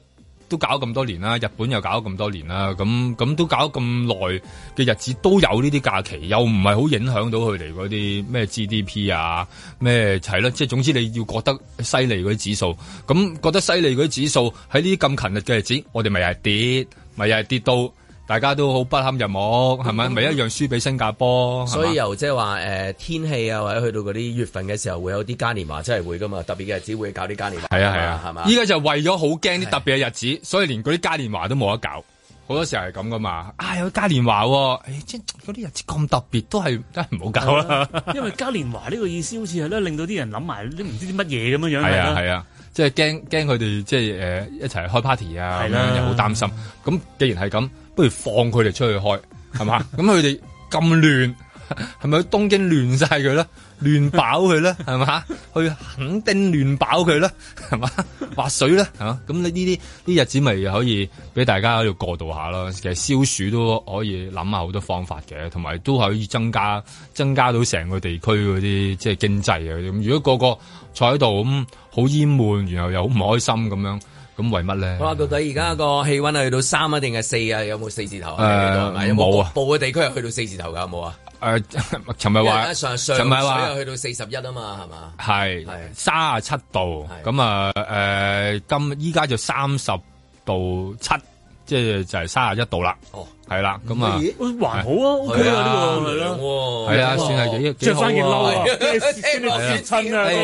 都搞咁多年啦，日本又搞咁多年啦，咁咁都搞咁耐嘅日子都有呢啲假期，又唔係好影響到佢哋嗰啲咩 GDP 啊咩係啦，即係、就是、總之你要覺得犀利嗰啲指數，咁覺得犀利嗰啲指數喺呢啲咁勤力嘅日子，我哋咪又係跌，咪又係跌到。大家都好不堪入目，係咪？唯一一樣輸俾新加坡，所以由即係話誒天氣啊，或者去到嗰啲月份嘅時候，會有啲嘉年華真係會咁嘛。特別嘅日子會搞啲嘉年華，係啊係啊，係嘛？依家就為咗好驚啲特別嘅日子，所以連嗰啲嘉年華都冇得搞。好多時候係咁噶嘛啊有嘉年華，誒，即係嗰啲日子咁特別，都係真係唔好搞啦。因為嘉年華呢個意思，好似係咧令到啲人諗埋啲唔知啲乜嘢咁樣樣啦。係啊係啊，即係驚驚佢哋即係誒一齊開 party 啊，又好擔心。咁既然係咁。不如放佢哋出去開，係嘛？咁佢哋咁亂，係咪去東京亂晒佢咧？亂爆佢咧，係咪？ 去肯定亂爆佢咧，係嘛？划水咧，吓咁你呢啲啲日子咪可以俾大家喺度過渡下咯。其實消暑都可以諗下好多方法嘅，同埋都可以增加增加到成個地區嗰啲即係經濟啊。咁如果個個坐喺度咁好煙悶，然後又好唔開心咁樣。咁為乜咧？我話到底而家個氣溫係去到三啊定係四啊？有冇四字頭啊？冇啊，呃。部嘅地區係去到四，呃，字頭噶？有冇啊？誒，呃，尋日話，尋日話去到四十一啊嘛，係嘛？係三十七度，咁啊，誒，今依家就三十度七。即係就係三十一度啦，係啦，咁啊，還好啊，OK 啊，呢個係咯，係啊，算係著翻件褸，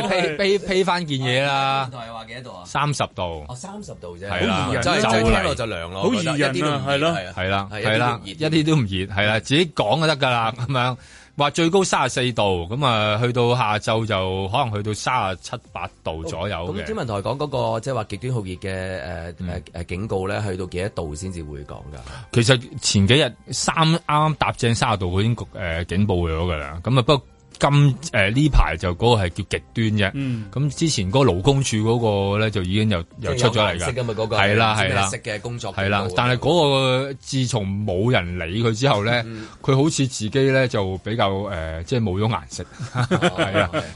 披披披翻件嘢啦。台話幾多度啊？三十度。哦，三十度啫。係啦，就就聽落就涼咯。好宜人啊，係咯，係啦，係啦，一啲都唔熱，係啦，自己講就得㗎啦，咁樣。話最高三十四度，咁、嗯、啊去到下晝就可能去到三十七八度左右嘅。咁天文台講嗰、那個即係話極端酷熱嘅誒誒誒警告咧，去到幾多度先至會講噶？其實前幾日三啱啱搭正三十度，佢已經誒、呃、警報咗噶啦。咁啊不過。今，誒呢排就嗰個係叫極端嘅。咁之前嗰個勞工處嗰個咧就已經又又出咗嚟㗎，係啦係啦，色嘅工作係啦，但係嗰個自從冇人理佢之後咧，佢好似自己咧就比較誒，即係冇咗顏色，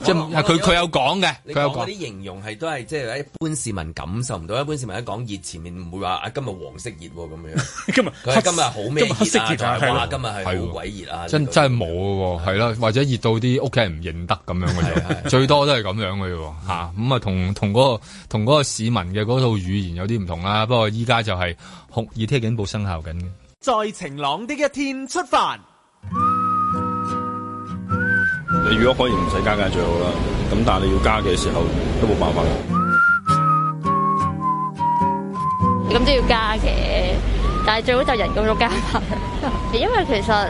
即係佢佢有講嘅，佢有講啲形容係都係即係一般市民感受唔到，一般市民一講熱前面唔會話啊今日黃色熱咁樣，今日黑今日好咩熱今日係好鬼熱啊，真真係冇喎，係啦，或者熱到啲。啲屋企人唔認得咁樣嘅嘢， 最多都係咁樣嘅啫吓，咁 啊，同同嗰個同嗰個市民嘅嗰套語言有啲唔同啦。不過依家就係紅熱天警報生效緊嘅。在晴朗的一天出發。你如果可以唔使加價最好啦，咁但係你要加嘅時候都冇辦法嘅。咁都 要加嘅，但係最好就人工咁加啦。因為其實。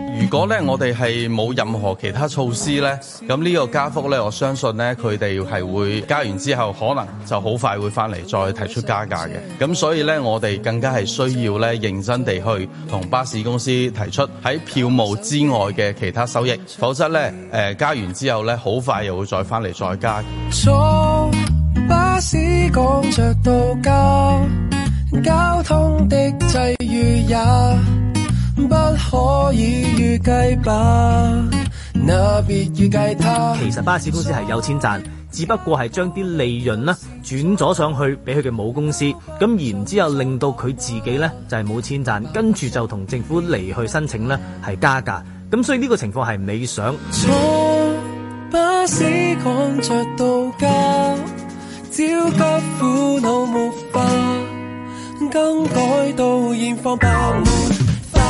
如果咧我哋係冇任何其他措施呢？咁呢個加幅呢，我相信呢，佢哋係會加完之後，可能就好快會翻嚟再提出加價嘅。咁所以呢，我哋更加係需要呢，認真地去同巴士公司提出喺票務之外嘅其他收益，否則呢，誒加完之後呢，好快又會再翻嚟再加。坐巴士講着到家，交通的際遇也。不可以預計吧？那別預計。他其實巴士公司係有錢賺，只不過係將啲利潤呢轉咗上去俾佢嘅母公司，咁然之後令到佢自己呢就係冇錢賺，跟住就同政府嚟，去申請呢係加價，咁所以呢個情況係唔理想。巴士家，着苦更改到現況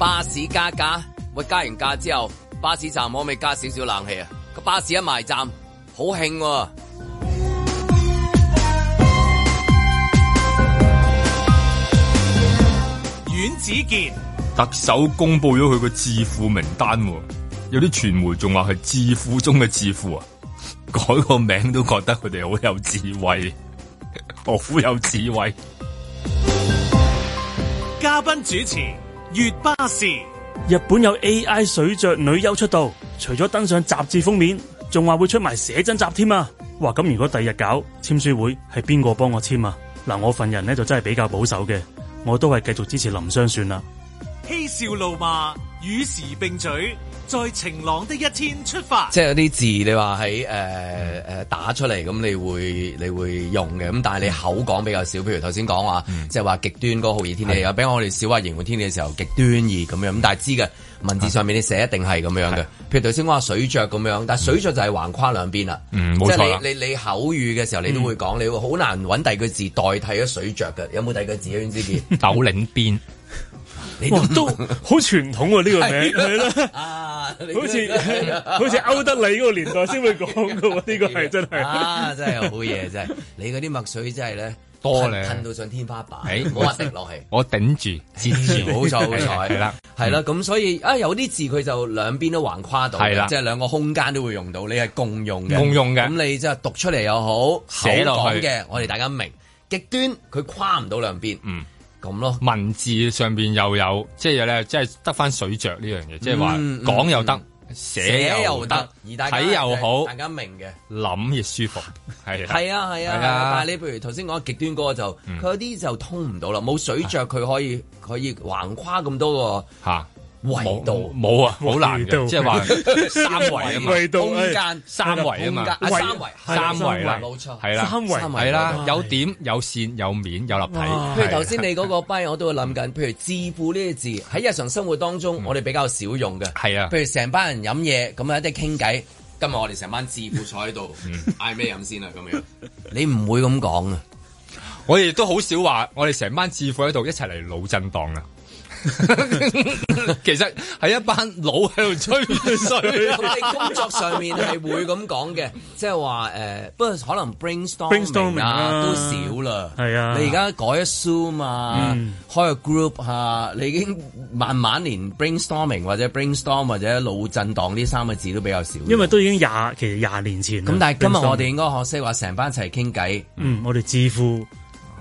巴士加價，我加完價之後，巴士站可唔可以加少少冷氣啊？個巴士一埋站，好興、啊。阮子健，特首公布咗佢個智庫名單，有啲傳媒仲話係智庫中嘅智庫啊！改個名都覺得佢哋 好有智慧，何富有智慧？嘉賓主持。月巴士，日本有 AI 水着女優出道，除咗登上雜誌封面，仲話會出埋寫真集添啊！哇，咁如果第日搞簽書會，係邊個幫我簽啊？嗱，我份人咧就真係比較保守嘅，我都係繼續支持林雙算啦。嬉笑怒罵。與時並舉，在晴朗的一天出發。即係有啲字，你話喺誒誒打出嚟，咁你會你會用嘅。咁但係你口講比較少。譬如頭先講話，嗯、即係話極端嗰個酷熱天氣，又俾的我哋少話嚴寒天氣嘅時候，極端二咁樣。咁但係知嘅文字上面你寫一定係咁樣嘅。的譬如頭先我話水著咁樣，但係水著就係橫跨兩邊啦。即係、嗯、你你口語嘅時候，你都會講，你好難揾第二句字代替咗水著嘅。有冇第二句字？袁子健？鬥領邊。你都好傳統喎！呢個名係咯，好似好似歐德里嗰個年代先會講嘅，呢個係真係啊，真係好嘢！真係你嗰啲墨水真係咧多咧，噴到上天花板，冇話掉落去。我頂住字字好彩好彩，係啦，係啦，咁所以啊，有啲字佢就兩邊都橫跨到嘅，即係兩個空間都會用到，你係共用嘅，共用嘅，咁你即係讀出嚟又好寫落去嘅，我哋大家明，極端佢跨唔到兩邊，嗯。咁咯，文字上邊又有即係有咧，即係得翻水着呢樣嘢，即係話講又得，寫又得，睇又好，大家明嘅，諗亦舒服，係係啊係啊，但係你譬如頭先講極端個就，佢有啲就通唔到啦，冇水着，佢可以可以橫跨咁多個吓。維度冇啊，好難嘅，即係話三維啊嘛，空間三維啊嘛，三維三維冇錯，係啦，三維係啦，有點有線有面有立體，譬如頭先你嗰個班我都會諗緊，譬如智庫呢個字喺日常生活當中，我哋比較少用嘅，係啊，譬如成班人飲嘢咁樣一啲傾偈，今日我哋成班智庫坐喺度，嗌咩飲先啊？咁樣，你唔會咁講啊，我亦都好少話，我哋成班智庫喺度一齊嚟腦震盪啊！ 其實係一班佬喺度吹水。佢哋工作上面係會咁講嘅，即係話誒，不、呃、過可能 brainstorming、啊 bra 啊、都少啦。係啊，你而家改一 Zoom 啊，嗯、開個 group 啊，你已經慢慢連 brainstorming 或者 brainstorm 或者腦震盪呢三個字都比較少。因為都已經廿其實廿年前咁，但係今日我哋應該學識話成班一齊傾偈。我哋智富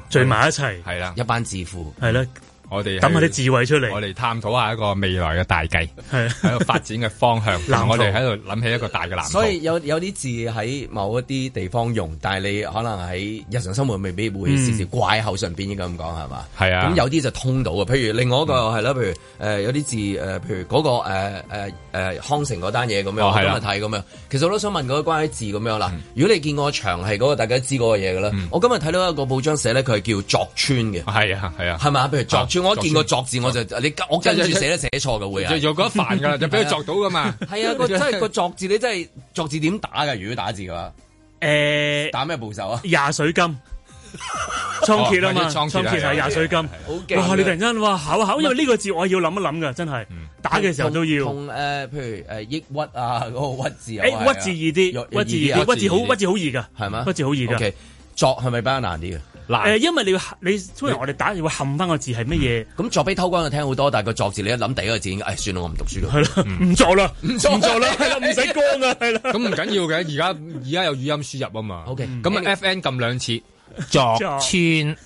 聚埋一齊。係啦對，一班智富。係啦。我哋等下啲智慧出嚟，我哋探討下一個未來嘅大計，喺個發展嘅方向。嗱，我哋喺度諗起一個大嘅藍圖。所以有有啲字喺某一啲地方用，但係你可能喺日常生活未必會時時掛喺口上邊，應該咁講係嘛？係啊。咁有啲就通到嘅，譬如另外一個係啦，譬如誒有啲字誒，譬如嗰個誒誒康城嗰單嘢咁樣，我今日睇咁樣。其實我都想問嗰個關於字咁樣啦。如果你見過場係嗰個大家知嗰個嘢嘅啦，我今日睇到一個報章寫咧，佢係叫作村嘅，係啊係啊，係咪？譬如作我見個作字我就你我跟住寫都寫錯嘅會，就覺得煩噶啦，就俾佢作到噶嘛。係啊，個真係個作字你真係作字點打嘅？如果打字嘅話，誒，打咩部首啊？廿水金倉頡啦嘛，倉頡係廿水金。好勁！你突然間哇考考，因為呢個字我要諗一諗嘅，真係打嘅時候都要。誒，譬如誒，抑鬱啊，嗰個鬱字誒，郁字易啲，郁字字好，郁字好易噶，係嘛？郁字好易。作係咪比較難啲嘅？嗱，誒，因為你要你，因為我哋打會冚翻個字係乜嘢？咁作俾偷光，我聽好多，但係個作字你一諗第一個字，哎，算啦，我唔讀書啦，係啦，唔作啦，唔作啦，係啦，唔使光啦，係啦。咁唔緊要嘅，而家而家有語音輸入啊嘛。OK，咁咪 FN 撳兩次。鑿穿，鑿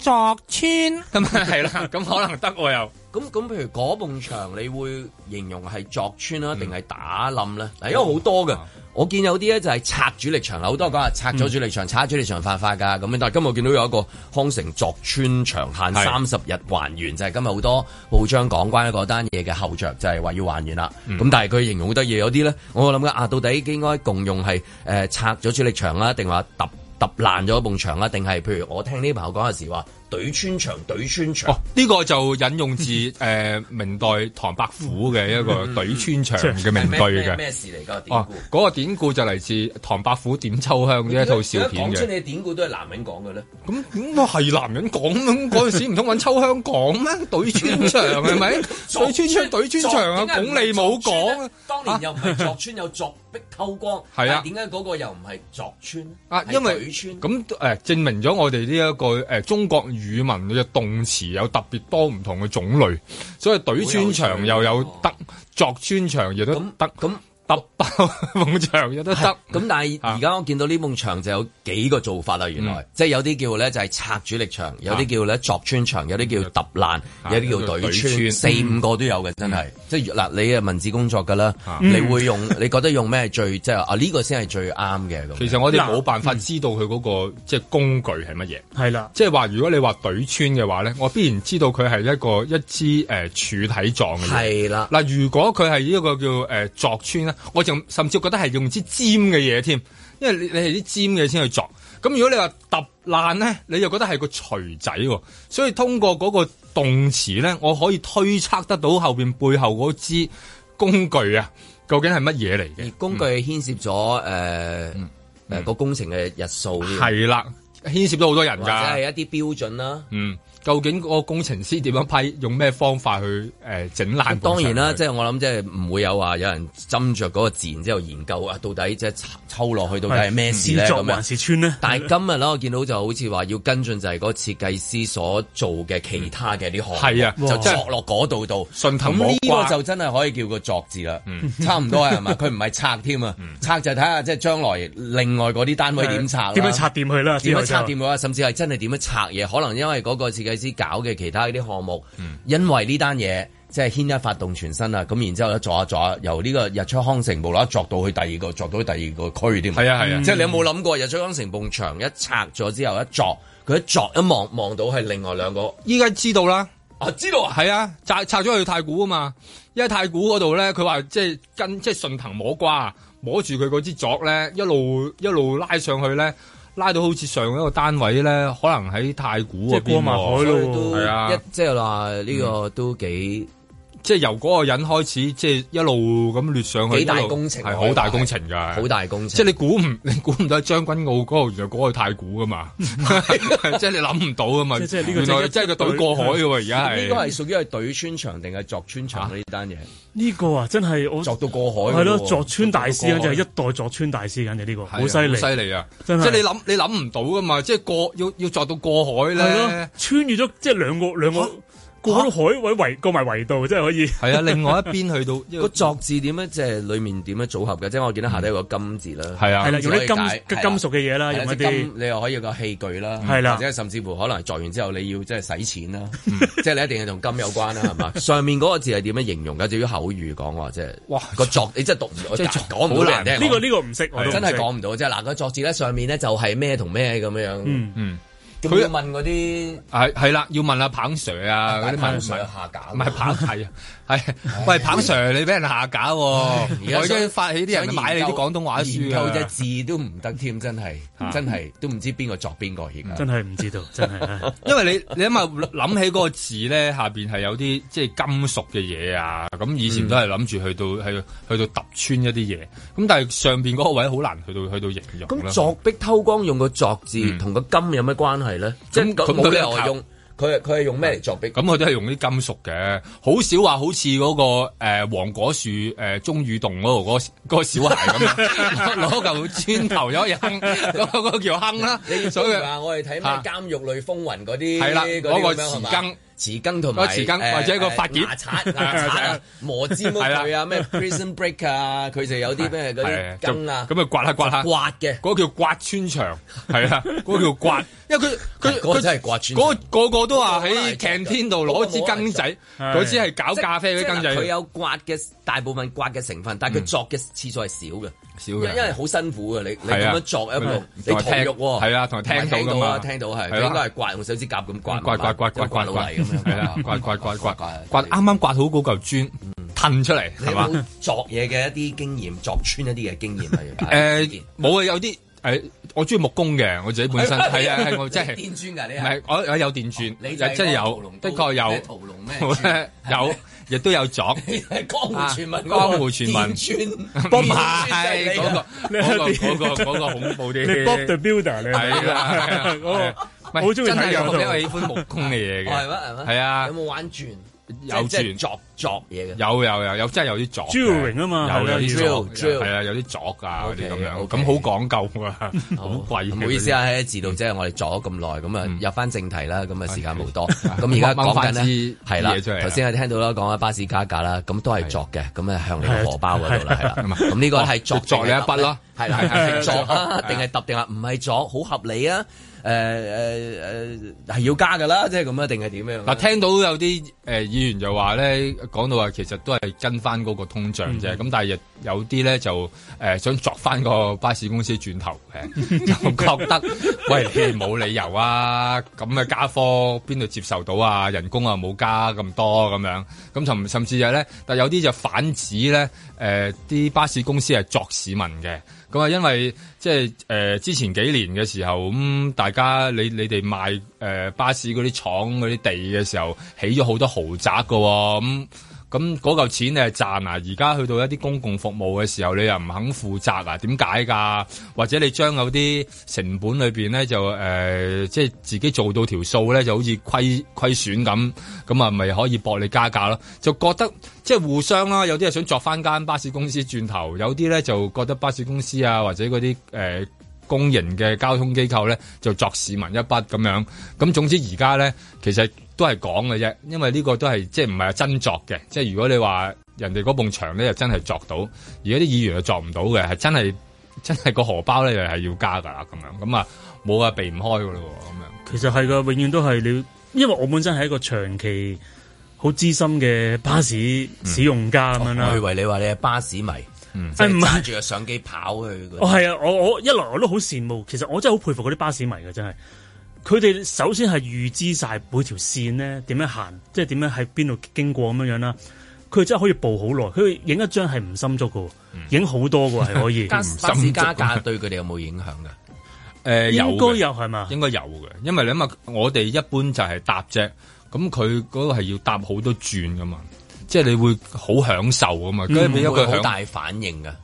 穿酌，咁係啦，咁可能得我又咁咁，譬如嗰埲牆你會形容係鑿穿啦、啊，定係、嗯、打冧咧？因為好多嘅，嗯、我見有啲咧就係拆主力牆，好、嗯、多講係拆咗主力牆，拆主力牆發發噶咁，但係今日見到有一個康城鑿穿牆限三十日還原，是就係今日好多報章講關嗰單嘢嘅後著，就係、是、話要還原啦。咁、嗯嗯、但係佢形容好多嘢，有啲咧，我諗啊，到底應該共用係誒拆咗主力牆啊，定話揼？揼爛咗一埲牆啊？定係譬如我聽呢朋友講嘅時話。對穿腸，對穿腸。呢個就引用自誒明代唐伯虎嘅一個對穿腸嘅名句嘅。咩事嚟噶？典故？哦，嗰個典故就嚟自《唐伯虎點秋香》呢一套笑片嘅。講出你典故都係男人講嘅咧。咁點解係男人講？咁嗰陣時唔通揾秋香講咩？對穿腸係咪？對穿穿，對穿腸啊！鞏俐冇講啊。當年又唔係鑿穿，又鑿壁偷光。係啊。點解嗰個又唔係鑿穿？啊，因為對穿。咁誒，證明咗我哋呢一個誒中國。語文嘅動詞有特別多唔同嘅種類，所以懟穿牆又有得，作穿牆亦都得。嗯嗯。揼爆埲牆嘅都得，咁但係而家我見到呢埲牆就有幾個做法啊，原來即係有啲叫咧就係拆主力牆，有啲叫咧鑿穿牆，有啲叫揼爛，有啲叫懟穿，四五個都有嘅，真係即係嗱，你嘅文字工作噶啦，你會用你覺得用咩最即係啊呢個先係最啱嘅。其實我哋冇辦法知道佢嗰個即係工具係乜嘢，係啦，即係話如果你話懟穿嘅話咧，我必然知道佢係一個一支誒柱體狀嘅嘢。係啦，嗱，如果佢係呢一個叫誒鑿穿我就甚至覺得係用支尖嘅嘢添，因為你你係啲尖嘅先去鑿。咁如果你話揼爛咧，你就覺得係個錘仔喎。所以通過嗰個動詞咧，我可以推測得到後邊背後嗰支工具啊，究竟係乜嘢嚟嘅？而工具牽涉咗誒誒個工程嘅日數，係啦、嗯，牽涉咗好多人噶，或者係一啲標準啦。嗯。究竟嗰個工程師點樣批？用咩方法去誒整爛？當然啦，即係我諗，即係唔會有話有人斟酌嗰個字然之後研究啊，到底即係抽落去到底係咩事呢？咁啊，但係今日咧，我見到就好似話要跟進，就係嗰設計師所做嘅其他嘅啲項目，係啊，就落落嗰度度，順藤摸瓜。咁呢個就真係可以叫個作字啦，差唔多係嘛？佢唔係拆添啊，拆就睇下即係將來另外嗰啲單位點拆。點樣拆掂佢啦？點樣拆掂佢啊？甚至係真係點樣拆嘢？可能因為嗰個設計。知搞嘅其他嗰啲項目，因為呢單嘢即係牽一髮動全身啊！咁然之後咧，作一作由呢個日出康城無啦啦作到去第二個，作到去第二個區添。係啊係啊！即係你有冇諗過日出康城埲牆一拆咗之後一作，佢一作一望望到係另外兩個。依家知道啦，啊知道啊，係啊！拆拆咗去太古啊嘛，因為太古嗰度咧，佢話即係跟即係順藤摸瓜，摸住佢嗰支作咧，一路一路拉上去咧。拉到好似上一個單位咧，可能喺太古即係嗰邊喎，係是啊一，即係話呢個都幾。嗯即係由嗰個人開始，即係一路咁掠上去，好大工程噶好大工程。即係你估唔，你估唔到將軍澳嗰度原來過太古噶嘛？即係你諗唔到噶嘛？即係呢個即係個懟過海嘅喎，而家係呢個係屬於係懟穿牆定係鑿穿牆呢單嘢？呢個啊真係我鑿到過海，係咯鑿穿大師，啊，就係一代鑿穿大師，簡直呢個好犀利，好犀利啊！即係你諗，你諗唔到噶嘛？即係過要要鑿到過海咧，穿越咗即係兩個兩個。過海位圍過埋圍度，真係可以。係啊，另外一邊去到個作字點樣，即係裏面點樣組合嘅？即係我見到下底有個金字啦，係啊，係啦，金金屬嘅嘢啦，有啲你又可以有個器具啦，係啦，或者甚至乎可能作完之後你要即係使錢啦，即係你一定係同金有關啦，係嘛？上面嗰個字係點樣形容嘅？至於口語講話即係，哇，個作你真係讀唔到即係講唔到，難聽。呢個呢個唔識，真係講唔到。即係嗱個作字咧，上面咧就係咩同咩咁樣。嗯嗯。佢問嗰啲，係係啦，要問阿、啊、彭 Sir 啊，嗰啲、啊啊啊、問 Sir、啊、下架，唔係彭 Sir 啊。 係， 喂，彭 Sir，你俾人下架，而家 想想發起啲人，人買你啲廣東話書，唸錯字都唔得添，真係， 真係都唔知邊個作邊個㗎。 真係唔知道，真係。 因為你你諗下，諗起嗰個字咧，下邊係有啲即係金屬嘅嘢啊，咁以前都係諗住去到去、嗯、去到揼穿一啲嘢，咁但係上邊嗰個位好難去到去到形容。咁鑿壁偷光用個鑿字同個金有咩關係咧？即係佢冇咩用。佢佢係用咩嚟作做？咁佢、嗯嗯、都係用啲金屬嘅，少好少話好似嗰個誒、呃、黃果樹誒鐘乳洞嗰度嗰個嗰、嗰個小孩咁，攞嚿磚頭入去嗰嗰條坑啦。所以話以我哋睇《監獄類風雲》嗰啲係啦，嗰個匙羹。匙羹同埋，或者一個發熱牙刷、刷啊磨尖工具啊，咩 prison break 啊，佢就有啲咩嗰啲羹啊，咁啊刮下刮下。刮嘅，嗰叫刮穿牆，係啊，嗰叫刮，因為佢佢佢真係刮穿牆。個個個都話喺 canteen 度攞支羹仔，嗰支係搞咖啡啲羹仔。佢有刮嘅大部分刮嘅成分，但係佢作嘅次數係少嘅。因因為好辛苦噶，你你咁樣作一路，你聽玉係啊，同埋聽到噶嘛，聽到係，應該係刮用手指甲咁刮，刮刮刮刮刮到嚟咁樣刮刮刮刮刮刮，啱啱刮好嗰嚿磚，褪出嚟係嘛？作嘢嘅一啲經驗，作穿一啲嘅經驗係誒，冇啊，有啲誒，我中意木工嘅，我自己本身係啊，係我即係電鑽噶你係？唔係，我有有電鑽，就即係有，的確有，的確有。亦都有咗，江湖傳聞，江湖傳聞，轉，唔係嗰個，嗰個，嗰個，嗰個恐怖啲，你 builder 嚟㗎，係啊，我好中意呢個，因為喜歡木工嘅嘢嘅，係咩？係咩？係啊，有冇玩轉？有即係作作嘢嘅，有有有有真係有啲作啊嘛，有啲作，係啊有啲作啊，啲咁樣，咁好講究啊，好貴。唔好意思啊，喺自度即係我哋作咗咁耐，咁啊入翻正題啦，咁啊時間冇多，咁而家講緊咧係啦，頭先我哋聽到啦，講巴士加價啦，咁都係作嘅，咁啊向你荷包嗰度啦，係啦，咁呢個係作作嘅一筆咯，係啦，係作定係揼定啊？唔係作，好合理啊！誒誒誒係要加嘅啦，即係咁啊，定係點樣？嗱，聽到有啲誒議員就話咧，講到話其實都係跟翻嗰個通脹啫。咁但係有啲咧就誒想作翻個巴士公司轉頭嘅，就覺得喂，冇理由啊！咁嘅加科邊度接受到啊？人工啊冇加咁多咁樣，咁就甚至係咧，但有啲就反指咧誒啲巴士公司係作市民嘅。咁啊，因為即係誒之前幾年嘅時候，咁大家你你哋賣誒、呃、巴士嗰啲廠、嗰啲地嘅時候，起咗好多豪宅噶喎咁。嗯咁嗰嚿錢你係賺啊！而家去到一啲公共服務嘅時候，你又唔肯負責啊？點解㗎？或者你將有啲成本裏邊咧，就誒即係自己做到條數咧，就好似虧虧損咁，咁啊咪可以博你加價咯？就覺得即係互相啦，有啲係想作翻間巴士公司轉頭，有啲咧就覺得巴士公司啊，或者嗰啲誒。呃公營嘅交通機構咧，就作市民一筆咁樣。咁總之而家咧，其實都係講嘅啫，因為呢個都係即係唔係真作嘅。即係如果你話人哋嗰埲牆咧，就真係作到；而家啲議員又作唔到嘅，係真係真係個荷包咧，又係要加㗎啦咁樣。咁啊，冇呀，避唔開㗎咯咁樣。其實係噶，永遠都係你，因為我本身係一個長期好資深嘅巴士使用家咁、嗯嗯、樣啦。我、哦、以為你話你係巴士迷。即係揸住個相機跑去，哎。哦，係啊，我我一來我都好羨慕，其實我真係好佩服嗰啲巴士迷嘅，真係。佢哋首先係預知晒每條線咧點樣行，即係點樣喺邊度經過咁樣樣啦。佢真係可以步好耐，佢影一張係唔心足嘅，影好，嗯、多嘅係可以。 加巴士加價 對佢哋有冇影響嘅？誒，應該有係嘛？應該有嘅，因為你諗下，我哋一般就係搭啫，咁佢嗰個係要搭好多轉噶嘛。即係你會好享受啊嘛，跟住會有個好大反應噶。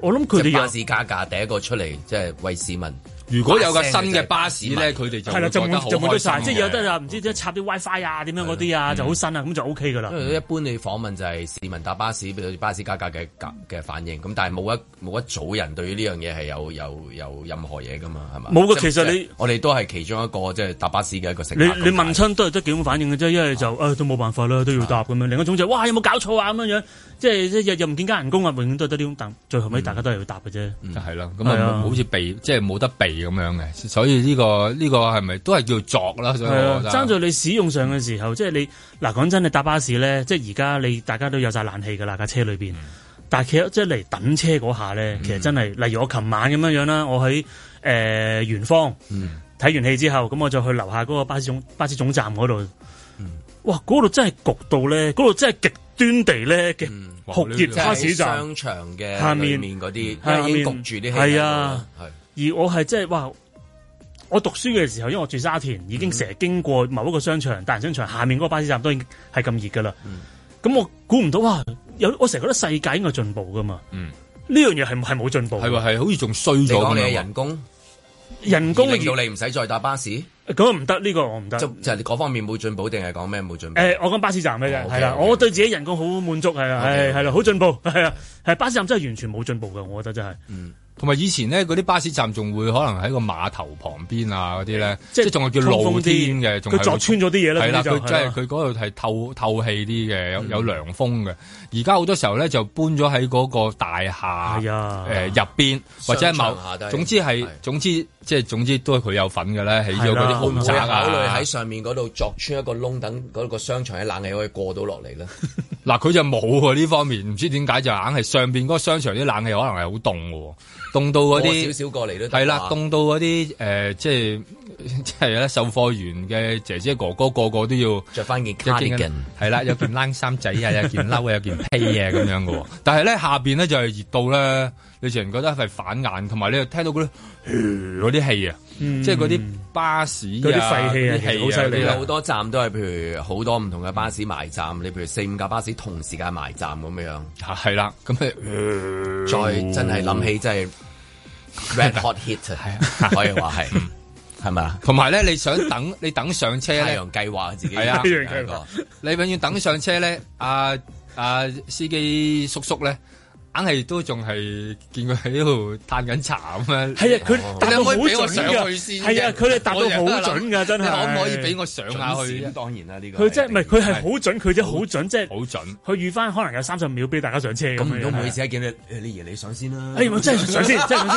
我諗佢哋巴士加價第一個出嚟，即係為市民。如果有個新嘅巴士咧，佢哋就覺得好開心。即係有得唔知即係插啲 WiFi 啊，點樣嗰啲啊，就好新啊，咁就 OK 㗎啦。因為一般你訪問就係市民搭巴士，對巴士價格嘅嘅反應。咁但係冇一冇一組人對於呢樣嘢係有有有任何嘢噶嘛，係嘛？冇噶，其實你我哋都係其中一個即係搭巴士嘅一個乘客。你你問親都係得幾種反應嘅啫，因為就都冇辦法啦，都要搭咁樣。另一種就係哇有冇搞錯啊咁樣。即係即係日又唔見加人工啊！永遠都得呢種等，最後尾大家都係要搭嘅啫。嗯嗯、就係啦，咁啊、嗯，好似避即係冇得避咁樣嘅，嗯、所以呢、呢個呢、呢個係咪都係叫作啦？爭在、啊、你使用上嘅時候，嗯、即係你嗱講真，你搭巴士咧，即係而家你大家都有晒冷氣㗎啦架車裏邊。嗯、但係其實即係嚟等車嗰下咧，其實真係，例如我琴晚咁樣樣啦，我喺誒圓方睇完戲之後，咁我就去樓下嗰個巴士總巴士總站嗰度。哇！嗰度真係焗到咧，嗰度真係極～端地咧嘅酷熱巴士站面下面嗰啲。係啊，是而我係即係話，我讀書嘅時候，因為我住沙田，已經成日經過某一個商場，嗯、大型商場下面嗰個巴士站都已經係咁熱噶啦。咁、嗯、我估唔到哇，有我成日覺得世界應該進步噶嘛。呢、嗯、樣嘢係係冇進步，係話係好似仲衰咗咁樣。人工令到你唔使再搭巴士，咁唔得呢個我唔得，就就係你嗰方面冇進步定係講咩冇進步？誒、欸，我講巴士站嘅啫，係啦，我對自己人工好滿足，係係係啦，好進步 Okay, okay.，係啊，係巴士站真係完全冇進步嘅，我覺得真係。嗯同埋以前呢，嗰啲巴士站仲會可能喺個碼頭旁邊啊，嗰啲咧即係仲係叫露天嘅，仲係鑿穿咗啲嘢啦。係啦，佢即係佢嗰度係透透氣啲嘅，有有涼風嘅。而家好多時候咧就搬咗喺嗰個大廈誒入邊，或者某，總之係總之即係總之都係佢有份嘅咧，起咗嗰啲豪宅啊。會唔會喺上面嗰度鑿穿一個窿，等嗰個商場嘅冷氣可以過到落嚟咧？嗱，佢就冇喎呢方面，唔知點解就硬係上邊嗰個商場啲冷氣可能係好凍嘅。凍到嗰啲少少過嚟咯，係啦，凍到嗰啲誒，即係即係咧售貨員嘅姐姐哥哥個個都要着翻件 cardigan，係啦，有件冷衫仔啊，有件褸啊， 有件披啊咁樣嘅喎。但係咧下邊咧就係熱到咧。你成日覺得係反眼，同埋你又聽到嗰啲啲氣啊，即係嗰啲巴士嗰啲廢氣啊，好犀利，好多站都係譬如好多唔同嘅巴士埋站，你譬如四五架巴士同時間埋站咁樣，係啦，咁你再真係諗起真係 Red Hot Hit 啊，可以話係，係咪啊？同埋咧，你想等你等上車，太陽計劃自己係啊，你永遠等上車咧，阿阿司機叔叔咧。硬係都仲係見佢喺度嘆緊茶咁樣。係啊，佢答到好準㗎。係啊，佢哋答到好準㗎，真係。可唔可以俾我上下去先？當然啦，呢個。佢即係唔係？佢係好準，佢啫，好準，即係好準。佢預返可能有三十秒俾大家上車。咁唔通每次見你，你而家上先啦？誒，我真係上先，真係上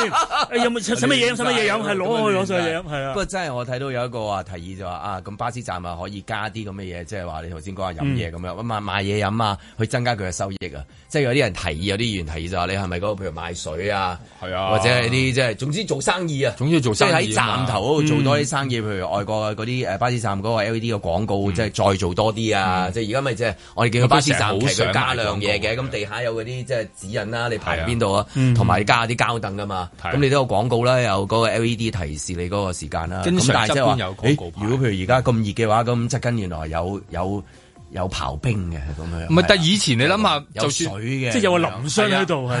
先。有冇飲咩嘢飲？飲咩嘢飲？係攞去攞上去。飲啊。不過真係我睇到有一個話提議就話啊，咁巴士站啊可以加啲咁嘅嘢，即係話你頭先講下飲嘢咁樣，咁啊賣嘢飲啊，去增加佢嘅收益啊。即係有啲人提議，有啲睇咋？你係咪嗰個？譬如賣水啊，或者係啲即係總之做生意啊，總之做生意即係喺站頭度做多啲生意，譬如外國嗰啲誒巴士站嗰個 LED 嘅廣告，即係再做多啲啊！即係而家咪即係我哋幾個巴士站，其實加量嘢嘅。咁地下有嗰啲即係指引啦，你排邊度啊？同埋加啲膠凳噶嘛。咁你都有廣告啦，有嗰個 LED 提示你嗰個時間啦。咁但係即係話，如果譬如而家咁熱嘅話，咁側邊原來有有。有刨冰嘅咁樣，唔係，但係以前你諗下有水嘅，即係有個淋霜喺度係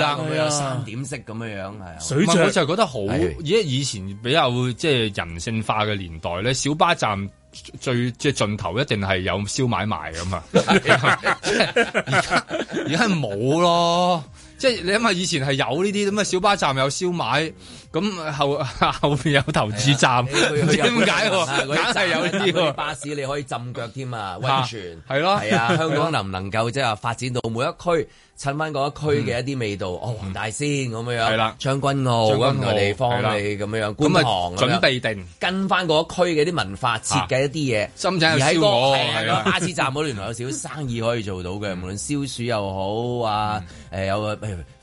啦，係啦，三點式咁樣樣係。水我就覺得好，而家以前比較即係人性化嘅年代咧，小巴站最即係盡頭一定係有燒賣賣嘅嘛。而家而家冇咯，即係你諗下以前係有呢啲咁嘅小巴站有燒賣。咁後後邊有投注站，點解喎？簡直有呢啲巴士你可以浸腳添啊，溫泉係咯，係啊，香港能唔能夠即係發展到每一區襯翻嗰一區嘅一啲味道？哦，黃大仙咁樣樣，係啦，將軍澳咁個地方你咁樣樣觀塘準備定跟翻嗰一區嘅啲文化設計一啲嘢，深井有燒鵝巴士站嗰度原來有少少生意可以做到嘅，無論消暑又好啊，誒有。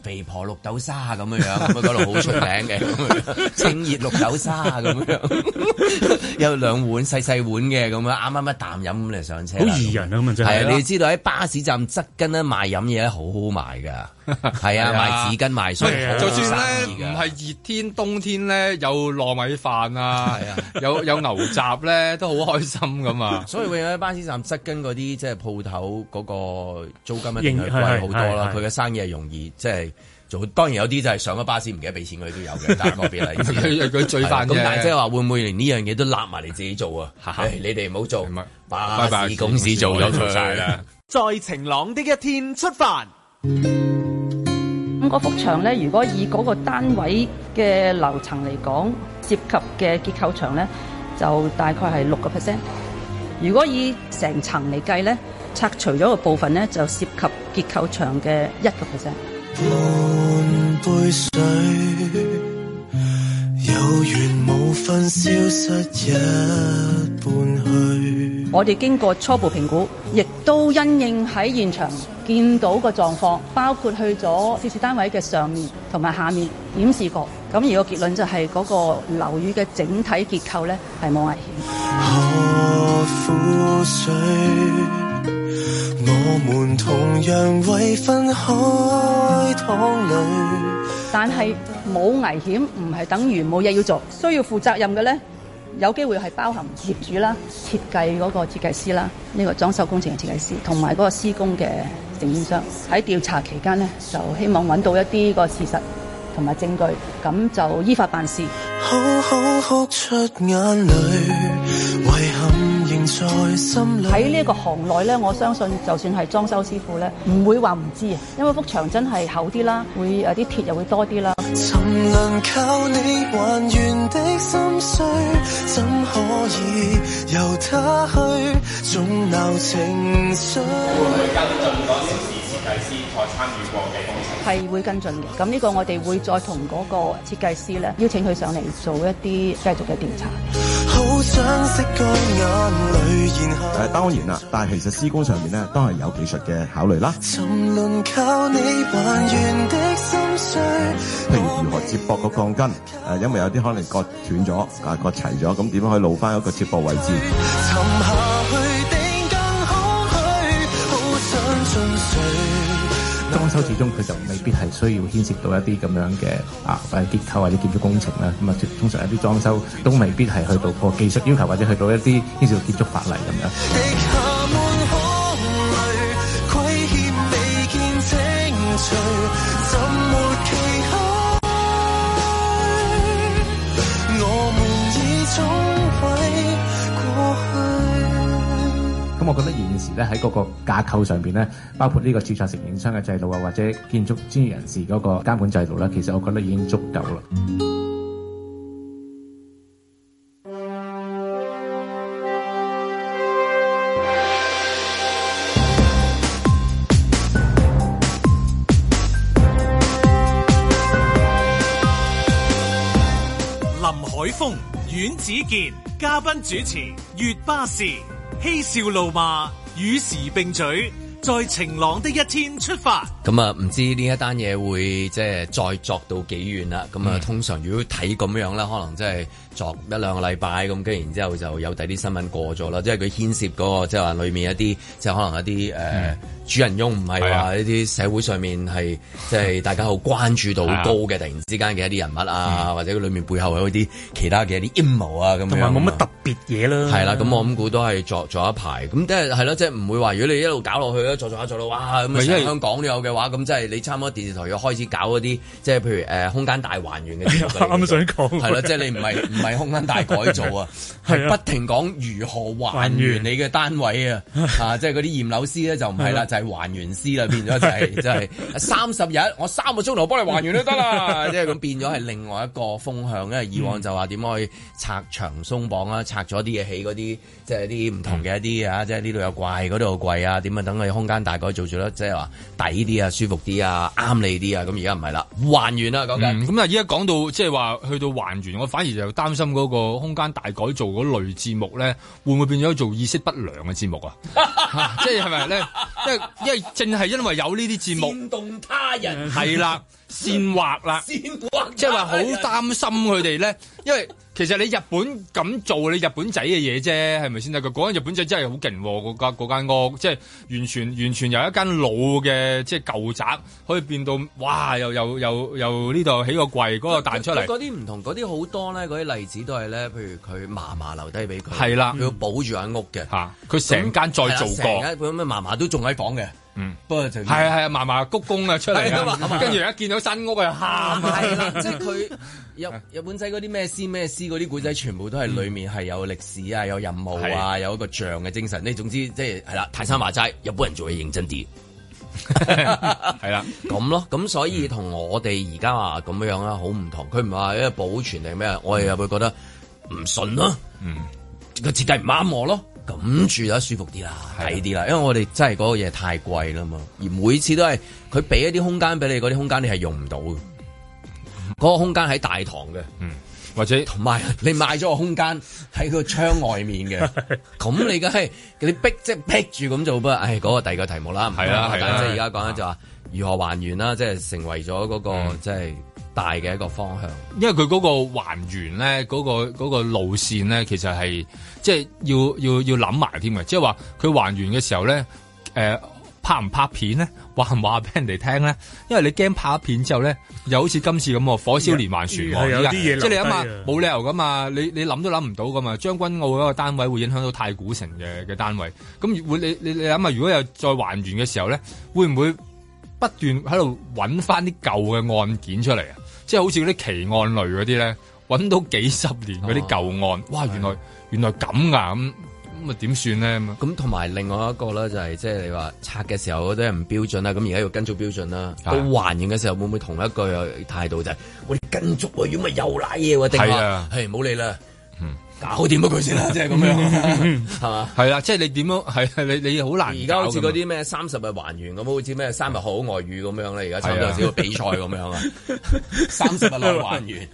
肥婆綠豆沙咁嘅樣，喺嗰度好出名嘅， 清熱綠豆沙咁樣， 有兩碗細細碗嘅咁樣，啱啱一啖飲咁嚟上車。好宜人啊，咁真係。啊、係啊，你知道喺 巴士站側跟咧賣飲嘢咧，好好賣㗎。係啊，賣紙巾賣水，就算咧唔係熱天冬天咧，有糯米飯啊，有有牛雜咧，都好開心咁啊！所以會喺巴士站側跟嗰啲即係鋪頭嗰個租金一定係貴好多啦。佢嘅生意係容易，即係做。當然有啲就係上咗巴士唔記得俾錢佢都有嘅，但係個別啦。佢最煩，咁，但係即係話會唔會連呢樣嘢都立埋嚟，自己做啊？你哋唔好做，拜拜！公司做晒啦。在晴朗的一天出發。嗰幅牆咧，如果以嗰個單位嘅樓層嚟講，涉及嘅結構牆咧，就大概係六個 percent。如果以成層嚟計咧，拆除咗嘅部分咧，就涉及結構牆嘅一個 percent。半杯水，有緣無分消失一半去。我哋經過初步評估，亦都因應喺現場見到嘅狀況，包括去咗涉事單位嘅上面同埋下面檢視過。咁而這個結論就係、是、嗰、那個樓宇嘅整體結構呢，係冇危險。 但係冇危險唔係等於冇嘢要做，需要負責任嘅呢。有機會係包含業主啦、設計嗰個設計師啦、呢、這個裝修工程嘅設計師，同埋嗰個施工嘅承建商。喺調查期間呢，就希望揾到一啲個事實同埋證據，咁就依法辦事。好好哭出眼淚。 喺呢一個行內咧，我相信就算係裝修師傅咧，唔會話唔知啊，因為幅牆真係厚啲啦，會啊啲鐵又會多啲啦。尋能靠你還原的心碎，怎可以由他去？總鬧情，計師再參與過嘅工程係會跟進嘅，咁呢個我哋會再同嗰個設計師咧邀請佢上嚟做一啲繼續嘅調查。誒、啊、當然啦，但係其實施工上面咧都係有技術嘅考慮啦、嗯。譬如如何接駁個鋼筋，誒、啊、因為有啲可能割斷咗，啊割齊咗，咁點樣可以露返一個接駁位置？裝修始終佢就未必係需要牽涉到一啲咁樣嘅啊，或者結構或者建築工程啦。咁、嗯、啊，通常一啲裝修都未必係去到個技術要求，或者去到一啲牽涉到建築法例咁樣。 咁，我覺得現時咧喺嗰個架構上邊咧，包括呢個註冊承認商嘅制度啊，或者建築專業人士嗰個監管制度咧，其實我覺得已經足夠啦。林海峰、阮子健，嘉賓主持，月巴士。嬉 笑怒罵，與時並進，在晴朗的一天出發。咁啊、嗯，唔知呢一單嘢會即係再作到幾遠啦。咁 啊，通常如果睇咁樣咧，可能即係。作一兩個禮拜咁，跟然之後就有第啲新聞過咗啦，即係佢牽涉嗰個即係話裡面一啲，即係可能一啲誒主人翁唔係話呢啲社會上面係即係大家好關注度好高嘅，突然之間嘅一啲人物啊，或者佢裡面背後有啲其他嘅一啲陰謀啊咁同埋冇乜特別嘢啦。係啦，咁我諗估都係作咗一排，咁即係係咯，即係唔會話如果你一路搞落去咧，作作下作到哇咁，香港都有嘅話，咁即係你差唔多電視台要開始搞嗰啲，即係譬如誒空間大還原嘅啲，啱啱想講係啦，即係你唔係。唔係空間大改造啊，係 不停講如何還原你嘅單位還原 啊，啊、就係，即係嗰啲驗樓師咧就唔係啦，就係還原師啦變咗就係、係、 就係三十日，我三個鐘頭幫你還原都得啦，即係咁變咗係另外一個風向，因為以往就話點可以拆牆鬆綁啊，拆咗啲嘢起嗰啲，即係啲唔同嘅一啲、嗯、啊，即係呢度有櫃，嗰度有櫃啊，點啊，等佢空間大改造住咯，即係話抵啲啊，舒服啲啊，啱你啲啊，咁而家唔係啦，還原啦咁嘅，咁啊依家講到即係話去到還原，我反而就擔擔心嗰個空間大改造嗰類節目咧，會唔會變咗做意識不良嘅節目啊？即係係咪咧？即係因，因為正係因為有呢啲節目，煽動他人係啦、 嗯，煽惑啦，煽惑即係話好擔心佢哋咧。 因為其實你日本咁做，你日本仔嘅嘢啫，係咪先得？佢嗰間日本仔真係好勁，嗰間嗰間屋，即係完全完全由一間老嘅即係舊宅，可以變到哇，又又又又呢度起個櫃，嗰度彈出嚟。嗰啲唔同，嗰啲好多咧，嗰啲例子都係咧，譬如佢嫲嫲留低俾佢，係啦，佢要保住間屋嘅。吓，佢成間再做過。成間咁咩？嫲嫲都仲喺房嘅。嗯，不過就係啊係啊，嫲嫲鞠躬啦出嚟，跟住一見到新屋，佢又喊啦，即係佢。日日本仔嗰啲咩詩咩詩嗰啲古仔，全部都係裏面係有歷史啊，有任務啊，的有一個像嘅精神。呢總之即係係啦，泰山話齋，日本人做嘢認真啲，係 啦 的，咁咯，咁所以同我哋而家話咁樣樣啦，好唔同。佢唔係話因為保存定咩，嗯、我哋又會覺得唔順咯，嗯，個設計唔啱我咯，咁住就得舒服啲啦，睇啲啦。因為我哋真係嗰個嘢太貴啦嘛，而每次都係佢俾一啲空間俾你，嗰啲空間你係用唔到嗰個空間喺大堂嘅、嗯，或者同埋你賣咗個空間喺個窗外面嘅，咁 你梗係係你逼即係逼住咁做不？唉、哎，嗰、那個第二個題目啦，係啦係啦，即係而家講緊就話如何還原啦，即係、啊、成為咗嗰、那個即係、嗯、大嘅一個方向。因為佢嗰個還原咧，嗰、那個、那個路線咧，其實係即係要要要諗埋添嘅，即係話佢還原嘅時候咧，誒、呃。拍唔拍片咧？話唔話俾人哋聽咧？因為你驚拍片之後咧，又好似今次咁，火燒連環船，有啲嘢，即係你諗下，冇理由噶嘛，你你諗都諗唔到噶嘛。將軍澳嗰個單位會影響到太古城嘅嘅單位，咁會你你你諗下，如果有再還原嘅時候咧，會唔會不斷喺度揾翻啲舊嘅案件出嚟啊？即係好似嗰啲奇案類嗰啲咧，揾到幾十年嗰啲舊案，啊、哇！原來的原來咁啊。咁咪點算咧？咁同埋另外一個咧，就係即係你話拆嘅時候嗰啲係唔標準啦。咁而家要跟足標準啦。都還原嘅時候會唔會同一個態度就係、是、我哋跟足啊，如果唔係又賴嘢喎，定話係冇理啦。的打好掂咗佢先啦，即係咁樣，係嘛？係啦，即係你點樣？係係、啊、你你難好難。而家好似嗰啲咩三十日還原咁，好似咩三十號外語咁樣咧。而家參加啲比賽咁樣啊，三十 日內還原。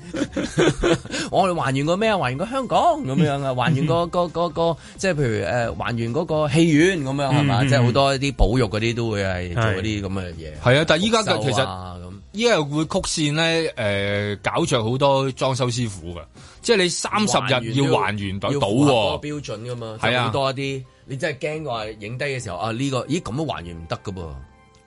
我 哋、哦、還原個咩啊？還原個香港咁樣啊？還原過、嗰個、嗰個、嗰個即係譬如誒、呃、還原嗰個戲院咁樣係嘛？嗯、即係好多一啲保育嗰啲都會係做啲咁嘅嘢。係啊，啊，但係依家其實。依家會曲線咧，誒、呃、搞着好多裝修師傅㗎，即係你三十日要還原到喎。要符合標準㗎嘛，係啊，多一啲，你真係驚話影低嘅時候啊，呢個咦咁樣還原唔得嘅噃。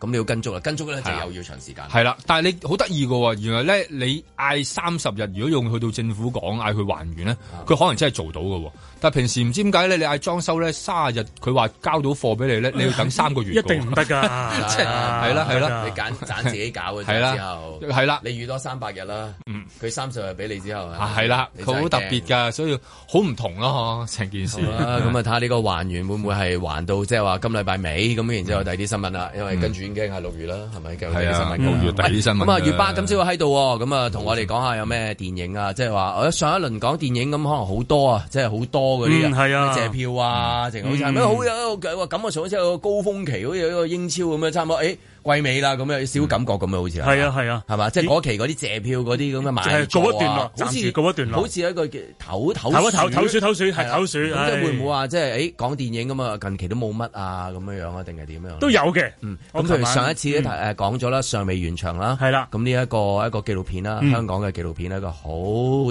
咁你要跟蹤啦，跟蹤咧就又要長時間。係啦，但係你好得意嘅喎，原來咧你嗌三十日，如果用去到政府講嗌佢還原咧，佢可能真係做到嘅喎。但係平時唔知點解咧，你嗌裝修咧卅日，佢話交到貨俾你咧，你要等三個月。一定唔得㗎，即係係啦係啦，你揀自己搞嘅啫。之後係啦，你預多三百日啦。佢三十日俾你之後係啦，佢好特別㗎，所以好唔同咯，成件事。咁啊，睇下呢個還原會唔會係還到即係話今禮拜尾咁，然之後第二啲新聞啦，因為跟住。驚係、嗯、六月啦，係咪？係啊，月底啲新聞。咁啊，月巴今朝會喺度，咁啊，同我哋講下有咩電影啊？即係話，我上一輪講電影咁，可能好多，就是多嗯、啊，即係好多嗰啲人。係啊，借票啊，淨係好似係咩好有，哇、嗯！咁我上一次個高峰期好似一個英超咁樣，差唔多誒。貴尾啦，咁啊，小感覺咁啊，好似係。係啊係啊，係嘛，即係嗰期嗰啲借票嗰啲咁嘅買座啊，好似告一段落啦，好似一個叫抖抖，抖一抖抖鼠，抖鼠係抖鼠，即係會唔會話，即係誒講電影咁啊？近期都冇乜啊，咁樣樣啊，定係點樣？都有嘅，嗯。咁譬如上一次咧，誒講咗啦，尚未完場啦。係啦。咁呢一個一個紀錄片啦，香港嘅紀錄片咧，一個好好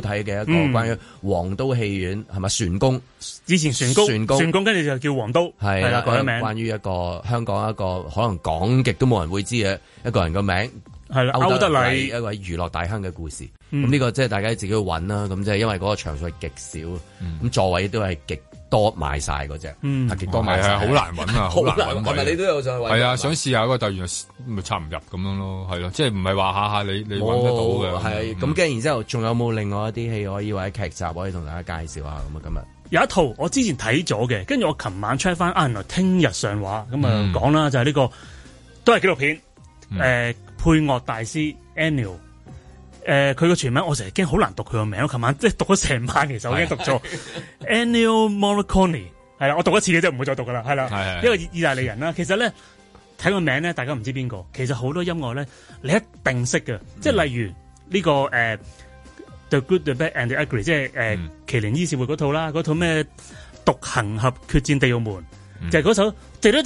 睇嘅一個關於皇都戲院係咪船工？之前船工，船工跟住就叫黃都，係啦，改咗名。關於一個香港一個可能講極都冇人會知嘅一個人嘅名，係啦，歐德禮一位娛樂大亨嘅故事。咁呢個即係大家自己去揾啦。咁即係因為嗰個場數係極少，咁座位都係極多賣晒嗰隻，係極多賣晒，好難揾啊，好難。同埋你都有係啊，想試下嗰個，但係原來咪插唔入咁樣咯，係咯，即係唔係話下下你你揾得到嘅，係咁。跟住然之後仲有冇另外一啲戲可以或者劇集可以同大家介紹下咁啊？今日有一套我之前睇咗嘅，跟住我琴晚 check 翻，啊，原來聽日上畫咁啊講啦，就係呢、嗯這個都係紀錄片，誒、嗯，配樂、呃、大師 Ennio，誒、呃，佢個全名我成日驚好難讀佢個名，我琴晚即係讀咗成晚，其實我已經讀咗 Ennio Morricone 係啦，我讀一次嘅啫，唔會再讀噶啦，係啦，係，一個意大利人啦，其實咧睇個名咧，大家唔知邊個，其實好多音樂咧，你一定識嘅，即係、嗯、例如呢、這個誒。呃 The Good, The Bad and The Ugly，即係誒奇連伊士活嗰套啦，嗰套咩《獨行俠決戰地獄門》，就係嗰首。嗱，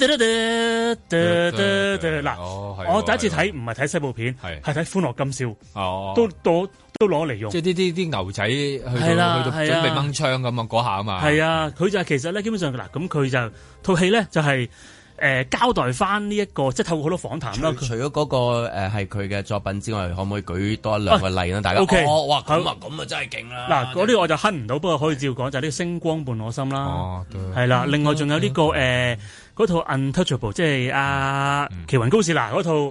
我第一次睇唔係睇西部片，係睇《歡樂今宵》。哦，都都都攞嚟用。即係啲啲啲牛仔去到去到準備掹槍咁啊，嗰下啊嘛。係啊，佢就其實咧，基本上嗱，咁佢就套戲咧，就係。誒交代翻呢一個，即係透過好多訪談啦。除咗嗰個誒係佢嘅作品之外，可唔可以舉多一兩個例啦？大家，哦哇，佢話，咁啊真係勁啦！嗱，嗰啲我就哼唔到，不過可以照講，就係啲星光伴我心啦，係啦。另外仲有呢個誒嗰套 Untouchable，即係阿奇雲高士拿嗰套，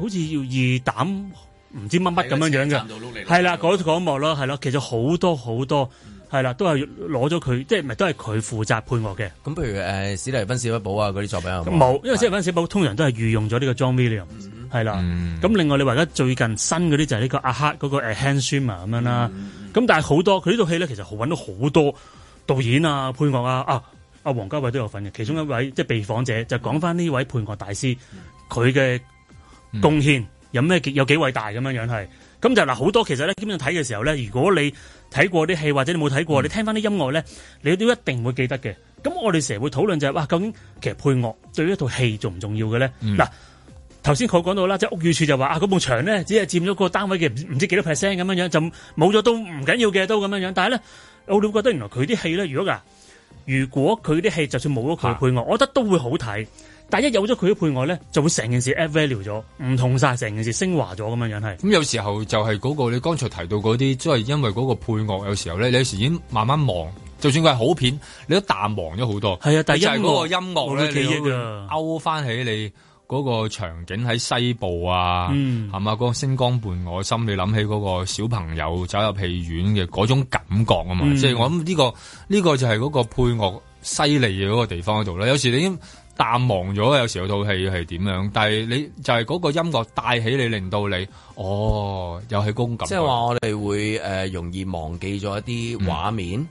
好似要義膽唔知乜乜咁樣樣嘅，係啦，講講幕咯，係咯。其實好多好多。係啦，都係攞咗佢，即係咪都係佢負責配樂嘅？咁譬如誒、呃、史提芬史匹堡啊嗰啲作品冇？因為史提芬史匹堡通常都係御用咗呢個 John Williams，係啦的。咁、嗯嗯、另外你話而家最近新嗰啲就係呢個阿黑嗰、那個 Hans Zimmer 咁樣啦。咁、嗯嗯、但係好多佢呢套戲咧，其實揾到好多導演啊、配樂啊、啊，阿王家衛都有份嘅。其中一位即係、就是、被訪者就講返呢位配樂大師佢嘅、嗯、貢獻有咩有幾偉大咁樣樣係。咁就嗱好多，其實咧，基本上睇嘅時候咧，如果你睇過啲戲或者你冇睇過，你聽翻啲音樂咧，你都一定會記得嘅。咁我哋成日會討論就係哇，究竟其實配樂對於一套戲重唔重要嘅咧？嗱，頭先佢講到啦，即係屋宇署就話啊，嗰幕牆咧只係佔咗個單位嘅唔知幾多 percent 咁樣樣，就冇咗都唔緊要嘅，都咁樣樣。但係咧，我哋會覺得原來佢啲戲咧，如果啊，如果佢啲戲就算冇咗佢嘅配樂，我覺得都會好睇。但一有咗佢嘅配樂咧，就會成件事 add value 咗，唔同晒，成件事升華咗咁樣樣係。咁、嗯、有時候就係嗰、那個你剛才提到嗰啲，即、就、係、是、因為嗰個配樂有時候咧，你有時已經慢慢忘，就算佢係好片，你都淡忘咗好多。係啊，就係嗰個音樂咧，嗯、勾翻起你嗰個場景喺西部啊，係嘛、嗯？嗰、那個星光伴我心，你諗起嗰個小朋友走入戲院嘅嗰種感覺啊嘛，即係、嗯、我諗呢、這個呢、這個就係嗰個配樂。犀利嘅嗰個地方嗰度咧，有時你已經淡忘咗，有時嗰套戲係點樣？但係你就係、是、嗰個音樂帶起你，令到你，哦，又係宮感。即係話我哋會誒、呃、容易忘記咗一啲畫面。嗯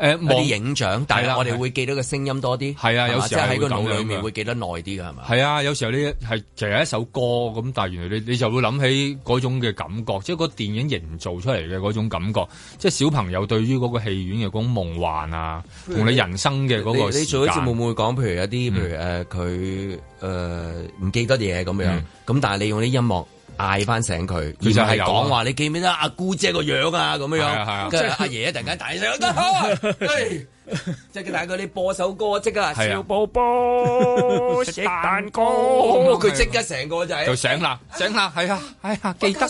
誒啲、欸、影像，但係我哋會記得個聲音多啲，係啊，吧啊，有時候喺個腦裏面會記得耐啲㗎，係嘛？係啊，有時候呢就係一首歌咁，但係原來你你就會諗起嗰種嘅感覺，即係個電影營造出嚟嘅嗰種感覺，即係小朋友對於嗰個戲院嘅嗰種夢幻啊，同、啊、你人生嘅嗰個你。你你好似會唔會講，譬如有啲譬如誒佢誒唔記得嘢咁樣咁，啊嗯、但係你用啲音樂。嗌翻醒佢，佢就係講話：你記唔記得阿姑姐個樣啊？咁樣樣，跟住阿爺啊，突然間大聲得開，即係佢嗌佢哋播首歌，即刻小寶寶食蛋糕，佢即刻成個就醒啦，醒啦，係啊，係啊，記得啊，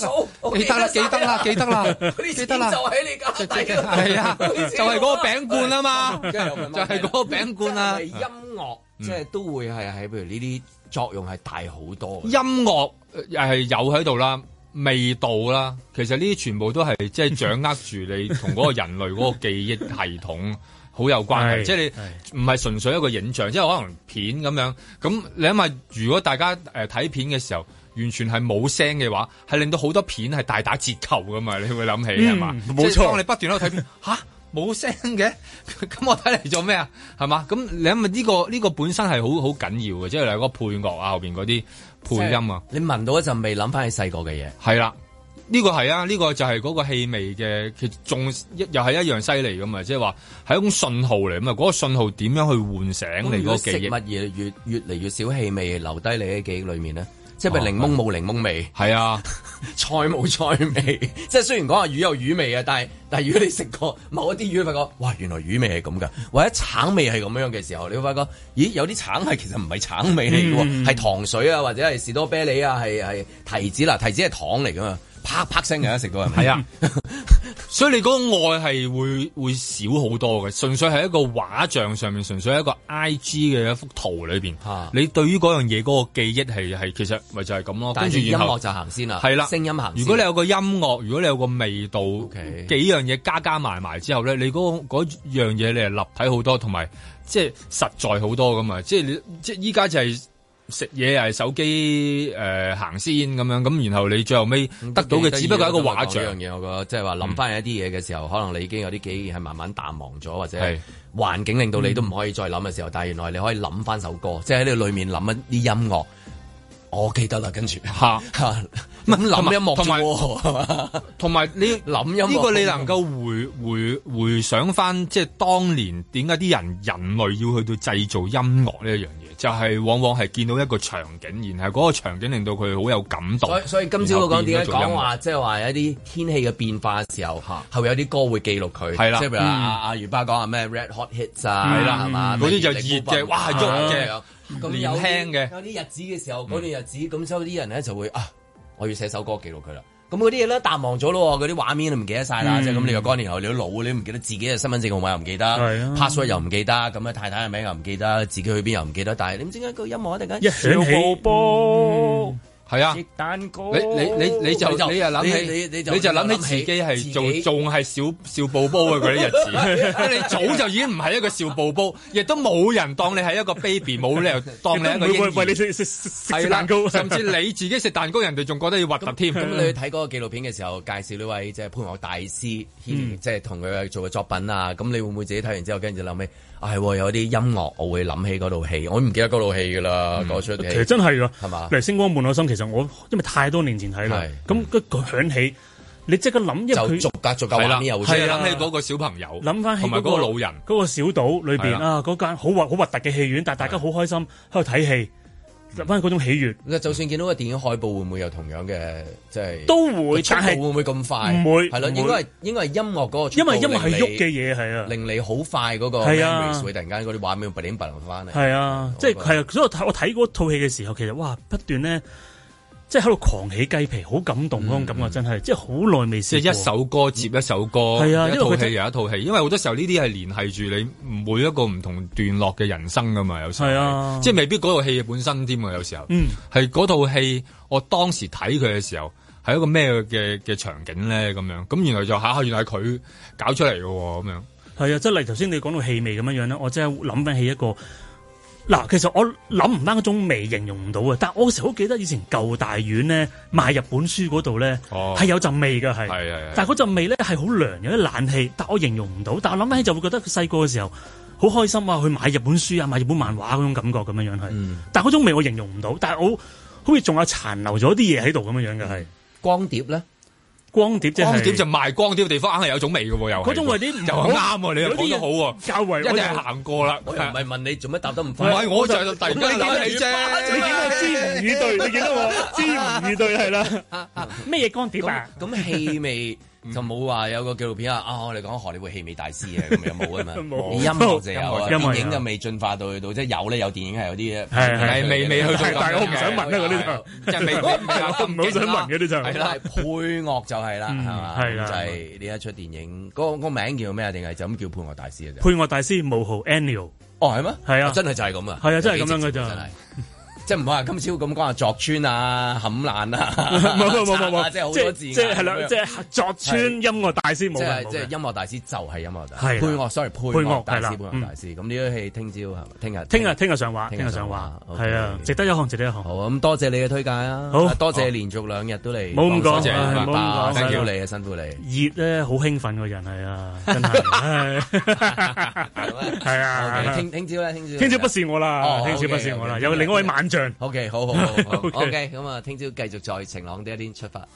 記得，記得啦，記得啦，記得啦，就喺你家大嘅，係啊，就係嗰個餅罐啊嘛，就係嗰個餅罐啊，音樂即係都會係喺譬如呢啲。作用係大好多，音樂又係有喺度啦，味道啦，其實呢啲全部都係即係掌握住你同嗰個人類嗰個記憶系統好有關係，即係 你唔係純粹一個影像，即係可能片咁樣。咁你諗下，如果大家誒睇片嘅時候完全係冇聲嘅話，係令到好多片係大打折扣噶嘛？你會諗起係嘛？嗯，冇錯，你不斷喺度睇片 冇聲嘅，咁 我睇嚟做咩啊？係嘛？咁你係咪呢個呢、個本身係好好緊要嘅？即係例如嗰個配樂，這個、啊，後邊嗰啲配音啊，你聞到一陣未諗翻起細個嘅嘢。係啦，呢個係啊，呢個就係嗰個氣味嘅，其仲一又係一樣犀利噶嘛。即係話係一種信號嚟，咁啊嗰個信號點樣去喚醒你嗰個記憶？乜嘢越越嚟越少氣味留低你喺記憶裏面咧。即係譬如檸檬冇檸檬味，係啊，菜冇菜味。即係 雖然講話魚有魚味啊，但係但係如果你食過某一啲魚，發覺哇，原來魚味係咁噶，或者橙味係咁樣嘅時候，你會發覺，咦，有啲橙係其實唔係橙味嚟嘅，係、嗯、糖水啊，或者係士多啤梨啊，係係提子啦，提子係糖嚟噶嘛，啪啪聲嘅食到係啊。是 所以你嗰個愛係會,會少好多嘅，純粹係一個畫像上面，純粹係一個 IG 嘅一幅圖裏邊。嚇、啊，你對於嗰樣嘢嗰、嗰個記憶係其實咪就係咁咯？跟住音樂就行先啦，係啦後，聲後音行。了音先如果你有個音樂，如果你有個味道，Okay. 幾樣嘢加加埋埋之後咧，你嗰、嗰個、樣嘢你係立體好多，同埋即係實在好多噶嘛。即係你即係依家就係、係。食嘢又係手機誒、呃、行先咁樣咁，然後你最後尾得到嘅，嗯嗯嗯，只不過係一個畫像樣嘢，我覺得即係話諗翻一啲嘢嘅時候，嗯、可能你已經有啲記憶係慢慢淡忘咗，或者環境令到你都唔可以再諗嘅時候，嗯、但係原來你可以諗翻首歌，即係喺呢個裏面諗一啲音樂。我記得啦，跟住吓吓，諗、啊、 音樂，同埋同埋你諗音樂，呢個你能夠回回回想翻，即係當年點解啲人人類要去到製造音樂呢一樣嘢。就係往往係見到一個場景，然後嗰個場景令到佢好有感動。所以今朝都講點解講話，即係話一啲天氣嘅變化嘅時候，後有啲歌會記錄佢？係啦，即係譬如阿阿如巴講啊咩 Red Hot Hits 啊，係啦，係嘛？嗰啲就熱嘅，哇喐嘅，咁有聽嘅。有啲日子嘅時候，嗰段日子，咁所以啲人咧就會啊，我要寫首歌記錄佢啦。咁嗰啲嘢咧淡忘咗咯，嗰啲畫面你唔記得晒啦，嗯、即係咁你若干年後你都老，你唔記得自己嘅身份證號碼又唔記得 password、啊又唔記得，咁啊太太嘅名又唔記得，自己去邊又唔記得，但係你唔知點解個音樂突然間一響起。係啊，你你你你就你又諗起你就諗起自己係做仲係小小寶寶嘅嗰啲日子，你早就已經唔係一個小寶寶，亦都冇人當你係一個 baby，冇理由當你係一個嬰兒。唔會你食食食蛋糕，甚至你自己食蛋糕，人哋仲覺得要核突添。咁你睇嗰個紀錄片嘅時候介紹呢位即係配樂大師，即係同佢做嘅作品啊，咁你會唔會自己睇完之後跟住諗起？係有啲音樂，我會諗起嗰套戲，我唔記得嗰套戲噶啦，講出其實真係噶，係嘛？譬如《星光伴我心》，其實我因為太多年前睇啦，咁佢響起，你即刻諗，一，就逐格逐格玩呢遊車啦，諗起嗰個小朋友，諗翻起嗰個老人，嗰個小島裏邊啊，嗰間好核好核突嘅戲院，但係大家好開心喺度睇戲。入翻嗰種喜悅，就算見到個電影海報會唔會有同樣嘅，即係都會，但係會唔會咁快？唔會，係啦，應該係應該係音樂嗰個，因為音樂係喐嘅嘢，係啊，令你好快嗰個 memory 啊，memory 會突然間嗰啲畫面 bling bling 翻咧，係啊，即係係啊，所以我睇我睇嗰套戲嘅時候，其實哇不斷咧。即係喺度狂起雞皮，好感動咯！感覺、嗯、真係，即係好耐未試。即係一首歌接一首歌，嗯、啊，一套戲又一套戲，因為好多時候呢啲係連係住你每一個唔同段落嘅人生噶嘛，有時係啊，即係未必嗰套戲嘅本身添啊，有時候嗯，係嗰套戲我當時睇佢嘅時候，係一個咩嘅嘅場景咧？咁樣咁，原來就下下原來係佢搞出嚟嘅喎，咁樣係啊！即係例如頭先你講到氣味咁樣樣咧，我真係諗翻起一個。嗱，其實我諗唔翻種味，形容唔到啊，但係我嗰時好記得以前舊大院咧賣日本書度咧，哦係有陣味嘅，係。係，係。但係陣味咧係好涼，有啲冷氣，但我形容唔到。但係我諗翻起就會覺得佢細個嘅時候好開心啊，去買日本書啊，買日本漫畫嗰種感覺咁樣樣係。但係種味我形容唔到，但係我好似仲有殘留咗啲嘢喺度咁樣樣嘅係。光碟咧？光碟即係，光碟就賣光碟嘅地方，硬係有種味嘅，又係嗰種味啲，又係啱啊！你又講得好喎，我哋行過啦，我又唔係問你做乜答得唔快，我就突然間諗起啫。你見到知唔語對？你見到我知唔語對係啦？咩嘢光碟啊？咁氣味。就冇話有個紀錄片啊，啊我哋講荷里活戲味大師啊，咁有冇啊嘛。而音樂就有啊，電影就未進化到去到，即係有咧有電影係有啲嘅，係未未去到。但係我唔想問呢嗰啲就即係未，唔好唔想問嗰啲就係啦。配樂就係啦，係嘛係啦。呢一出電影嗰個名叫咩？定係就咁叫配樂大師啊？配樂大師，幕後 annual 哦係咩？係啊，真係就係咁啊，係啊，真係咁樣噶咋。即係唔好話今朝咁講啊，作川啊，冚爛啊，冇冇冇即係好多字即係啦，即係作川音樂大師冇啦，即係音樂大師就係音樂大師，配樂，sorry，配樂大師，配樂大師。咁呢出戲聽朝係咪？聽日，聽日，聽日上畫，聽日上畫，係啊，值得一看，值得一看。好咁，多謝你嘅推介啊，好，多謝連續兩日都嚟，多謝阿阿爸，多謝你啊，辛苦你。熱咧，好興奮嘅人係啊，係啊，聽聽朝咧，聽朝，聽朝不是我啦，聽朝不是我啦，有另外一位萬丈。O、okay, K，好好好，O 好，K，咁啊，聽朝繼續在晴朗的一天出發。